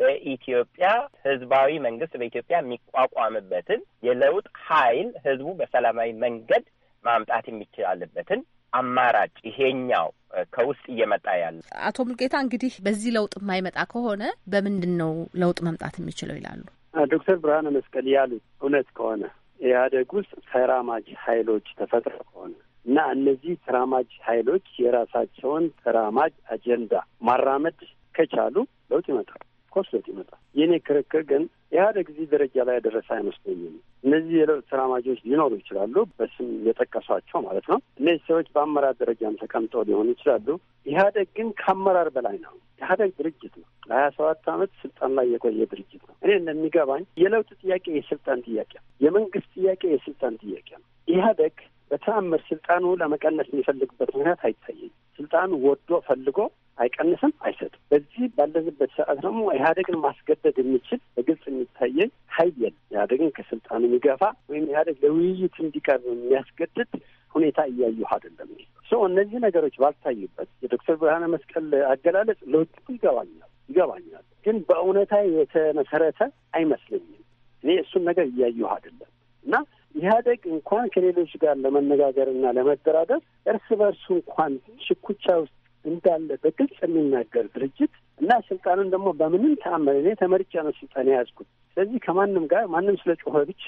በኢትዮጵያ ህዝባዊ መንግስት በኢትዮጵያ የሚቋቋምበትን የለውጥ ኃይል ህዝቡ በሰላማዊ መንገድ ማምጣት የሚችላልበትን አማራጭ ይሄኛው ከውስጥ እየመጣ ያለ። አቶ ሙልጌታ እንግዲህ በዚህ ለውጥ የማይመጣ ከሆነ በምንድን ነው ለውጥ መምጣት የሚችለው ይላሉ? ዶክተር ብርሃነ መስቀል ያሉት እውነት ከሆነ ኢህአደግ ውስጥ ተራማጅ ኃይሎች ተፈጥረው ከሆነ እና እነዚህ ተራማጅ ኃይሎች የራሳቸውን ተራማጅ አጀንዳ ማራመድ ከቻሉ ለውጥ ይመጣል። ኮስሎት ይመጣል። የእኔ ክርክር ግን ኢህአዴግ እዚህ ደረጃ ላይ ያደረሰ አይመስለኝም። እነዚህ የለውጥ ተራማጆች ሊኖሩ ይችላሉ፣ በስም የጠቀሷቸው ማለት ነው። እነዚህ ሰዎች በአመራር ደረጃም ተቀምጠው ሊሆኑ ይችላሉ። ኢህአዴግ ግን ከአመራር በላይ ነው። ኢህአዴግ ድርጅት ነው። ለሀያ ሰባት ዓመት ስልጣን ላይ የቆየ ድርጅት ነው። እኔ እንደሚገባኝ የለውጥ ጥያቄ የስልጣን ጥያቄ ነው። የመንግስት ጥያቄ የስልጣን ጥያቄ ነው። ኢህአዴግ በተአምር ስልጣኑ ለመቀነስ የሚፈልግበት ምክንያት አይታየኝ። ስልጣኑ ወዶ ፈልጎ አይቀንስም፣ አይሰጥም። በዚህ ባለንበት ሰዓት ደግሞ ኢህአዴግን ማስገደድ የሚችል በግልጽ የሚታየኝ ኃይል የለም። ኢህአዴግን ከስልጣን የሚገፋ ወይም ኢህአዴግ ለውይይት እንዲቀርብ የሚያስገድድ ሁኔታ እያየሁ አይደለም። ሰው እነዚህ ነገሮች ባልታዩበት የዶክተር ብርሃነ መስቀል አገላለጽ ለውጡ ይገባኛል ይገባኛል፣ ግን በእውነታ የተመሰረተ አይመስለኝም። እኔ እሱን ነገር እያየሁ አይደለም እና ኢህአደግ እንኳን ከሌሎች ጋር ለመነጋገርና ለመደራደር እርስ በርሱ እንኳን ሽኩቻ ውስጥ እንዳለ በግልጽ የሚናገር ድርጅት እና ስልጣኑን ደግሞ በምንም ተአመን እኔ ተመርጬ ነው ስልጣን የያዝኩት። ስለዚህ ከማንም ጋር ማንም ስለ ጮኸ ብቻ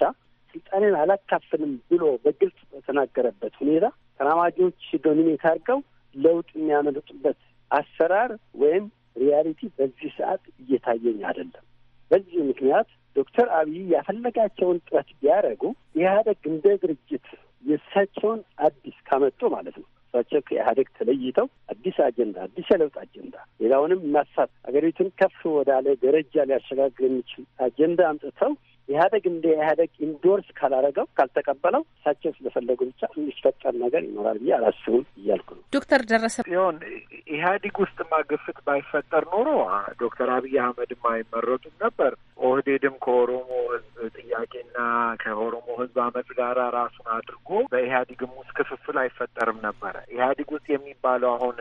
ስልጣኔን አላካፍልም ብሎ በግልጽ በተናገረበት ሁኔታ ተራማጆች ዶሚኔት አድርገው ለውጥ የሚያመጡበት አሰራር ወይም ሪያሊቲ በዚህ ሰዓት እየታየኝ አይደለም። በዚህ ምክንያት ዶክተር አብይ ያፈለጋቸውን ጥረት ቢያደርጉ ኢህአደግ እንደ ድርጅት የእሳቸውን አዲስ ካመጡ ማለት ነው እሳቸው ከኢህአዴግ ተለይተው አዲስ አጀንዳ አዲስ የለውጥ አጀንዳ ሌላውንም ማሳት ሀገሪቱን ከፍ ወዳለ ደረጃ ሊያሸጋግር የሚችል አጀንዳ አምጥተው ኢህአዴግ እንደ ኢህአደግ ኢንዶርስ ካላረገው ካልተቀበለው እሳቸው ስለፈለጉ ብቻ የሚፈጠር ነገር ይኖራል ብዬ አላስብም እያልኩ ነው። ዶክተር ደረሰ ሲሆን ኢህአዲግ ውስጥማ ግፍት ባይፈጠር ኖሮ ዶክተር አብይ አህመድም አይመረጡም ነበር። ኦህዴድም ከኦሮሞ ህዝብ ጥያቄና ከኦሮሞ ህዝብ አመፅ ጋራ ራሱን አድርጎ በኢህአዲግም ውስጥ ክፍፍል አይፈጠርም ነበረ። ኢህአዲግ ውስጥ የሚባለው አሁን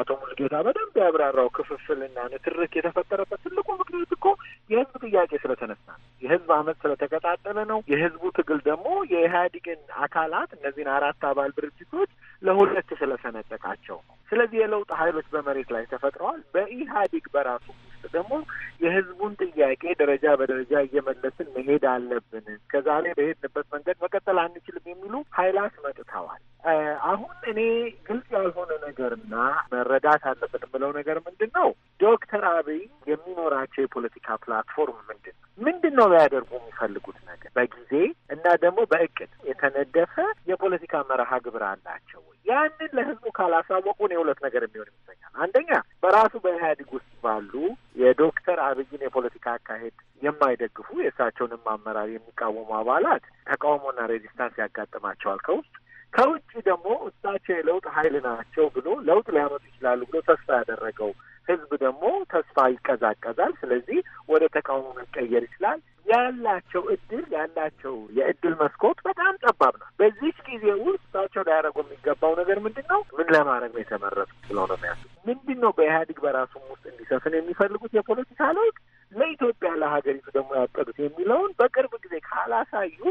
አቶ ሙልጌታ በደንብ ያብራራው ክፍፍልና ንትርክ የተፈጠረበት ትልቁ ምክንያት እኮ የህዝብ ጥያቄ ስለተነሳ የህዝብ አመት ስለተቀጣጠለ ነው። የህዝቡ ትግል ደግሞ የኢህአዴግን አካላት እነዚህን አራት አባል ድርጅቶች ለሁለት ስለሰነጠቃቸው ነው። ስለዚህ የለውጥ ኃይሎች በመሬት ላይ ተፈጥረዋል። በኢህአዴግ በራሱ ውስጥ ደግሞ የህዝቡን ጥያቄ ደረጃ በደረጃ እየመለስን መሄድ አለብን፣ ከዛሬ በሄድንበት መንገድ መቀጠል አንችልም የሚሉ ኃይላት መጥተዋል። አሁን እኔ ግልጽ ያልሆነ ነገርና መረዳት አለብን የምለው ነገር ምንድን ነው? ዶክተር አብይ የሚኖራቸው የፖለቲካ ፕላትፎርም ምንድን ነው? ምንድን ነው ያደርጉ የሚፈልጉት ነገር በጊዜ እና ደግሞ በእቅድ የተነደፈ የፖለቲካ መርሃ ግብር አላቸው። ያንን ለህዝቡ ካላሳወቁ ነው የሁለት ነገር የሚሆን ይመስለኛል። አንደኛ በራሱ በኢህአዴግ ውስጥ ባሉ የዶክተር አብይን የፖለቲካ አካሄድ የማይደግፉ የእሳቸውንም አመራር የሚቃወሙ አባላት ተቃውሞና ሬዚስታንስ ያጋጥማቸዋል ከውስጥ ከውጭ ደግሞ እሳቸው የለውጥ ኃይል ናቸው ብሎ ለውጥ ሊያመጡ ይችላሉ ብሎ ተስፋ ያደረገው ህዝብ ደግሞ ተስፋ ይቀዛቀዛል። ስለዚህ ወደ ተቃውሞ መቀየር ይችላል። ያላቸው እድል ያላቸው የእድል መስኮት በጣም ጠባብ ነው። በዚህ ጊዜ ውስጥ እሳቸው ሊያደርጉ የሚገባው ነገር ምንድን ነው? ምን ለማድረግ ነው የተመረጡት ብለው ነው የሚያስቡ። ምንድን ነው በኢህአዴግ በራሱም ውስጥ እንዲሰፍን የሚፈልጉት የፖለቲካ ለውጥ ለኢትዮጵያ ለሀገሪቱ ደግሞ ያቀዱት የሚለውን በቅርብ ጊዜ ካላሳዩ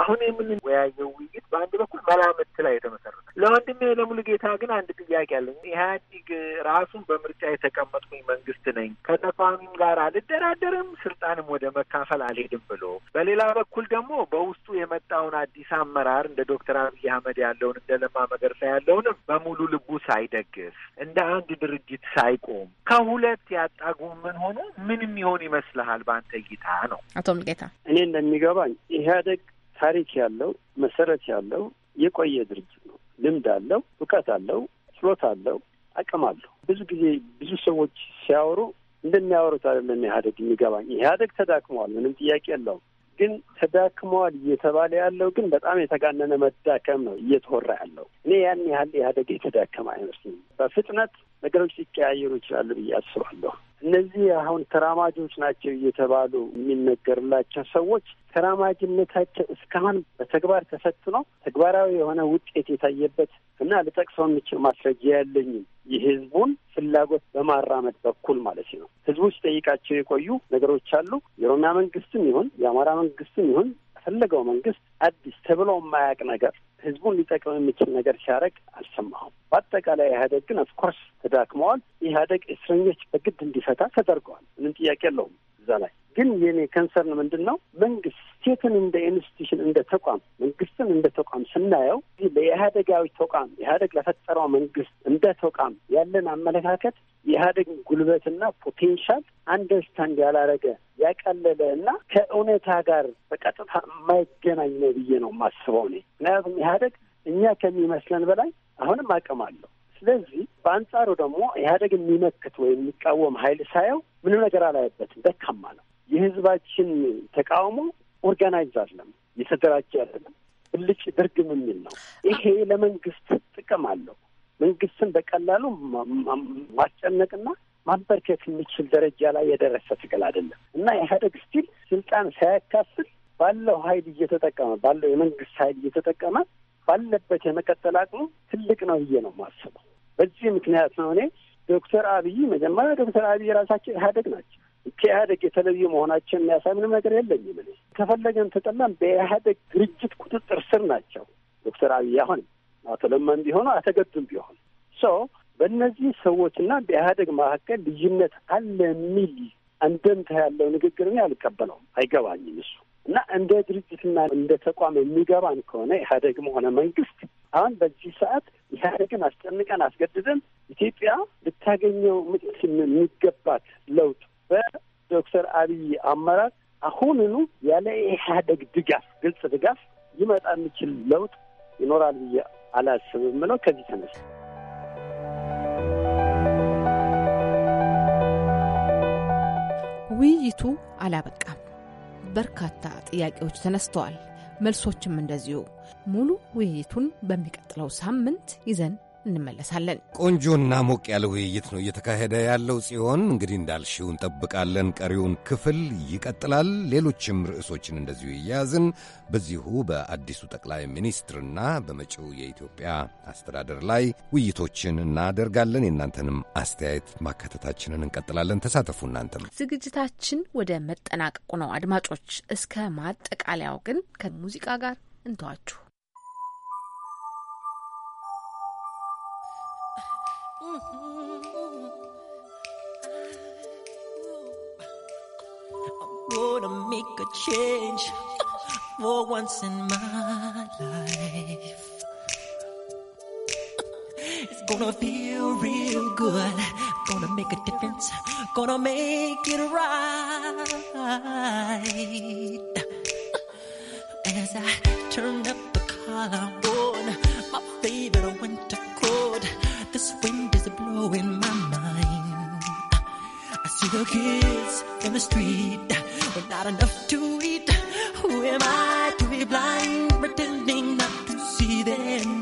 አሁን የምንወያየው ውይይት በአንድ በኩል መላምት ላይ የተመሰረተ ለወንድሜ ለሙሉጌታ ግን አንድ ጥያቄ አለኝ። ኢህአዲግ ራሱን በምርጫ የተቀመጥኩኝ መንግስት ነኝ ከተቃዋሚም ጋር አልደራደርም ስልጣንም ወደ መካፈል አልሄድም ብሎ፣ በሌላ በኩል ደግሞ በውስጡ የመጣውን አዲስ አመራር እንደ ዶክተር አብይ አህመድ ያለውን እንደ ለማ መገርሳ ያለውንም በሙሉ ልቡ ሳይደግፍ እንደ አንድ ድርጅት ሳይቆም ከሁለት ያጣ ጎመን ሆኖ ምን የሚሆን ይመስልሃል በአንተ እይታ? ነው አቶ ምልጌታ፣ እኔ እንደሚገባኝ ኢህአዴግ ታሪክ ያለው መሰረት ያለው የቆየ ድርጅት ነው። ልምድ አለው፣ እውቀት አለው፣ ችሎታ አለው፣ አቅም አለው። ብዙ ጊዜ ብዙ ሰዎች ሲያወሩ እንደሚያወሩት አይደለም ኢህአዴግ የሚገባኝ። ኢህአዴግ ተዳክመዋል፣ ምንም ጥያቄ የለውም። ግን ተዳክመዋል እየተባለ ያለው ግን በጣም የተጋነነ መዳከም ነው እየተወራ ያለው። እኔ ያን ያህል ኢህአዴግ የተዳከመ አይመስልም። በፍጥነት ነገሮች ሊቀያየሩ ይችላሉ ብዬ አስባለሁ። እነዚህ አሁን ተራማጆች ናቸው እየተባሉ የሚነገርላቸው ሰዎች ተራማጅነታቸው እስካሁን በተግባር ተፈትኖ ተግባራዊ የሆነ ውጤት የታየበት እና ልጠቅሰው የምችል ማስረጃ ያለኝም የህዝቡን ፍላጎት በማራመድ በኩል ማለት ነው። ህዝቡ ሲጠይቃቸው የቆዩ ነገሮች አሉ። የኦሮሚያ መንግስትም ይሁን የአማራ መንግስትም ይሁን ፈለገው መንግስት አዲስ ተብሎ የማያውቅ ነገር ህዝቡን ሊጠቅም የሚችል ነገር ሲያደርግ አልሰማሁም። በአጠቃላይ ኢህአዴግ ግን ኦፍኮርስ ተዳክመዋል። ኢህአዴግ እስረኞች በግድ እንዲፈታ ተደርገዋል። ምንም ጥያቄ የለውም። እዛ ላይ ግን የኔ ከንሰርን ምንድን ነው? መንግስት ሴትን እንደ ኢንስቲቱሽን እንደ ተቋም መንግስትን እንደ ተቋም ስናየው በኢህአዴጋዊ ተቋም ኢህአደግ ለፈጠረው መንግስት እንደ ተቋም ያለን አመለካከት የኢህአዴግ ጉልበትና ፖቴንሻል አንደርስታንድ ያላረገ ያቀለለ እና ከእውነታ ጋር በቀጥታ የማይገናኝ ነው ብዬ ነው የማስበው እኔ። ምክንያቱም ኢህአደግ እኛ ከሚመስለን በላይ አሁንም አቅም አለው ስለዚህ በአንጻሩ ደግሞ ኢህአደግ የሚመክት ወይም የሚቃወም ሀይል ሳየው ምንም ነገር አላየበትም። ደካማ ነው። የህዝባችን ተቃውሞ ኦርጋናይዝ አለም የተደራጀ አይደለም። ብልጭ ድርግም የሚል ነው። ይሄ ለመንግስት ጥቅም አለው። መንግስትን በቀላሉ ማስጨነቅና ማበርከት የሚችል ደረጃ ላይ የደረሰ ትግል አይደለም እና ኢህአደግ ስቲል ስልጣን ሳያካፍል ባለው ሀይል እየተጠቀመ ባለው የመንግስት ሀይል እየተጠቀመ ባለበት የመቀጠል አቅሙ ትልቅ ነው ብዬ ነው የማስበው። በዚህ ምክንያት ነው እኔ ዶክተር አብይ መጀመሪያ ዶክተር አብይ የራሳቸው ኢህአደግ ናቸው። ከኢህአደግ የተለዩ መሆናቸው የሚያሳይ ምንም ነገር የለኝም እኔ ከፈለገን ተጠላም በኢህአደግ ድርጅት ቁጥጥር ስር ናቸው ዶክተር አብይ አሁንም አቶ ለማም ቢሆኑ አተገዱም ቢሆን ሶ በእነዚህ ሰዎችና በኢህአደግ መካከል ልዩነት አለ የሚል አንደምታ ያለው ንግግር እኔ አልቀበለውም፣ አይገባኝም እሱ እና እንደ ድርጅትና እንደ ተቋም የሚገባን ከሆነ ኢህአዴግም ሆነ መንግስት አሁን በዚህ ሰዓት ኢህአዴግን አስጨንቀን አስገድደን ኢትዮጵያ ልታገኘው የሚገባት ለውጥ በዶክተር አብይ አመራር አሁንኑ ያለ ኢህአዴግ ድጋፍ፣ ግልጽ ድጋፍ ሊመጣ የሚችል ለውጥ ይኖራል ብዬ አላስብም ነው ከዚህ ተነሳ ውይይቱ አላበቃም። በርካታ ጥያቄዎች ተነስተዋል። መልሶችም እንደዚሁ። ሙሉ ውይይቱን በሚቀጥለው ሳምንት ይዘን እንመለሳለን። ቆንጆና ሞቅ ያለ ውይይት ነው እየተካሄደ ያለው ሲሆን እንግዲህ እንዳልሽው እንጠብቃለን። ቀሪውን ክፍል ይቀጥላል። ሌሎችም ርዕሶችን እንደዚሁ እያያዝን በዚሁ በአዲሱ ጠቅላይ ሚኒስትርና በመጪው የኢትዮጵያ አስተዳደር ላይ ውይይቶችን እናደርጋለን። የእናንተንም አስተያየት ማካተታችንን እንቀጥላለን። ተሳተፉ። እናንተም ዝግጅታችን ወደ መጠናቀቁ ነው አድማጮች። እስከ ማጠቃለያው ግን ከሙዚቃ ጋር እንተዋችሁ። gonna make a change for once in my life. It's gonna feel real good. Gonna make a difference. Gonna make it right. As I turn up the collar on my favorite winter coat, this wind is in my mind. I see the kids in the street They're not enough to eat. Who am I to be blind, pretending not to see them?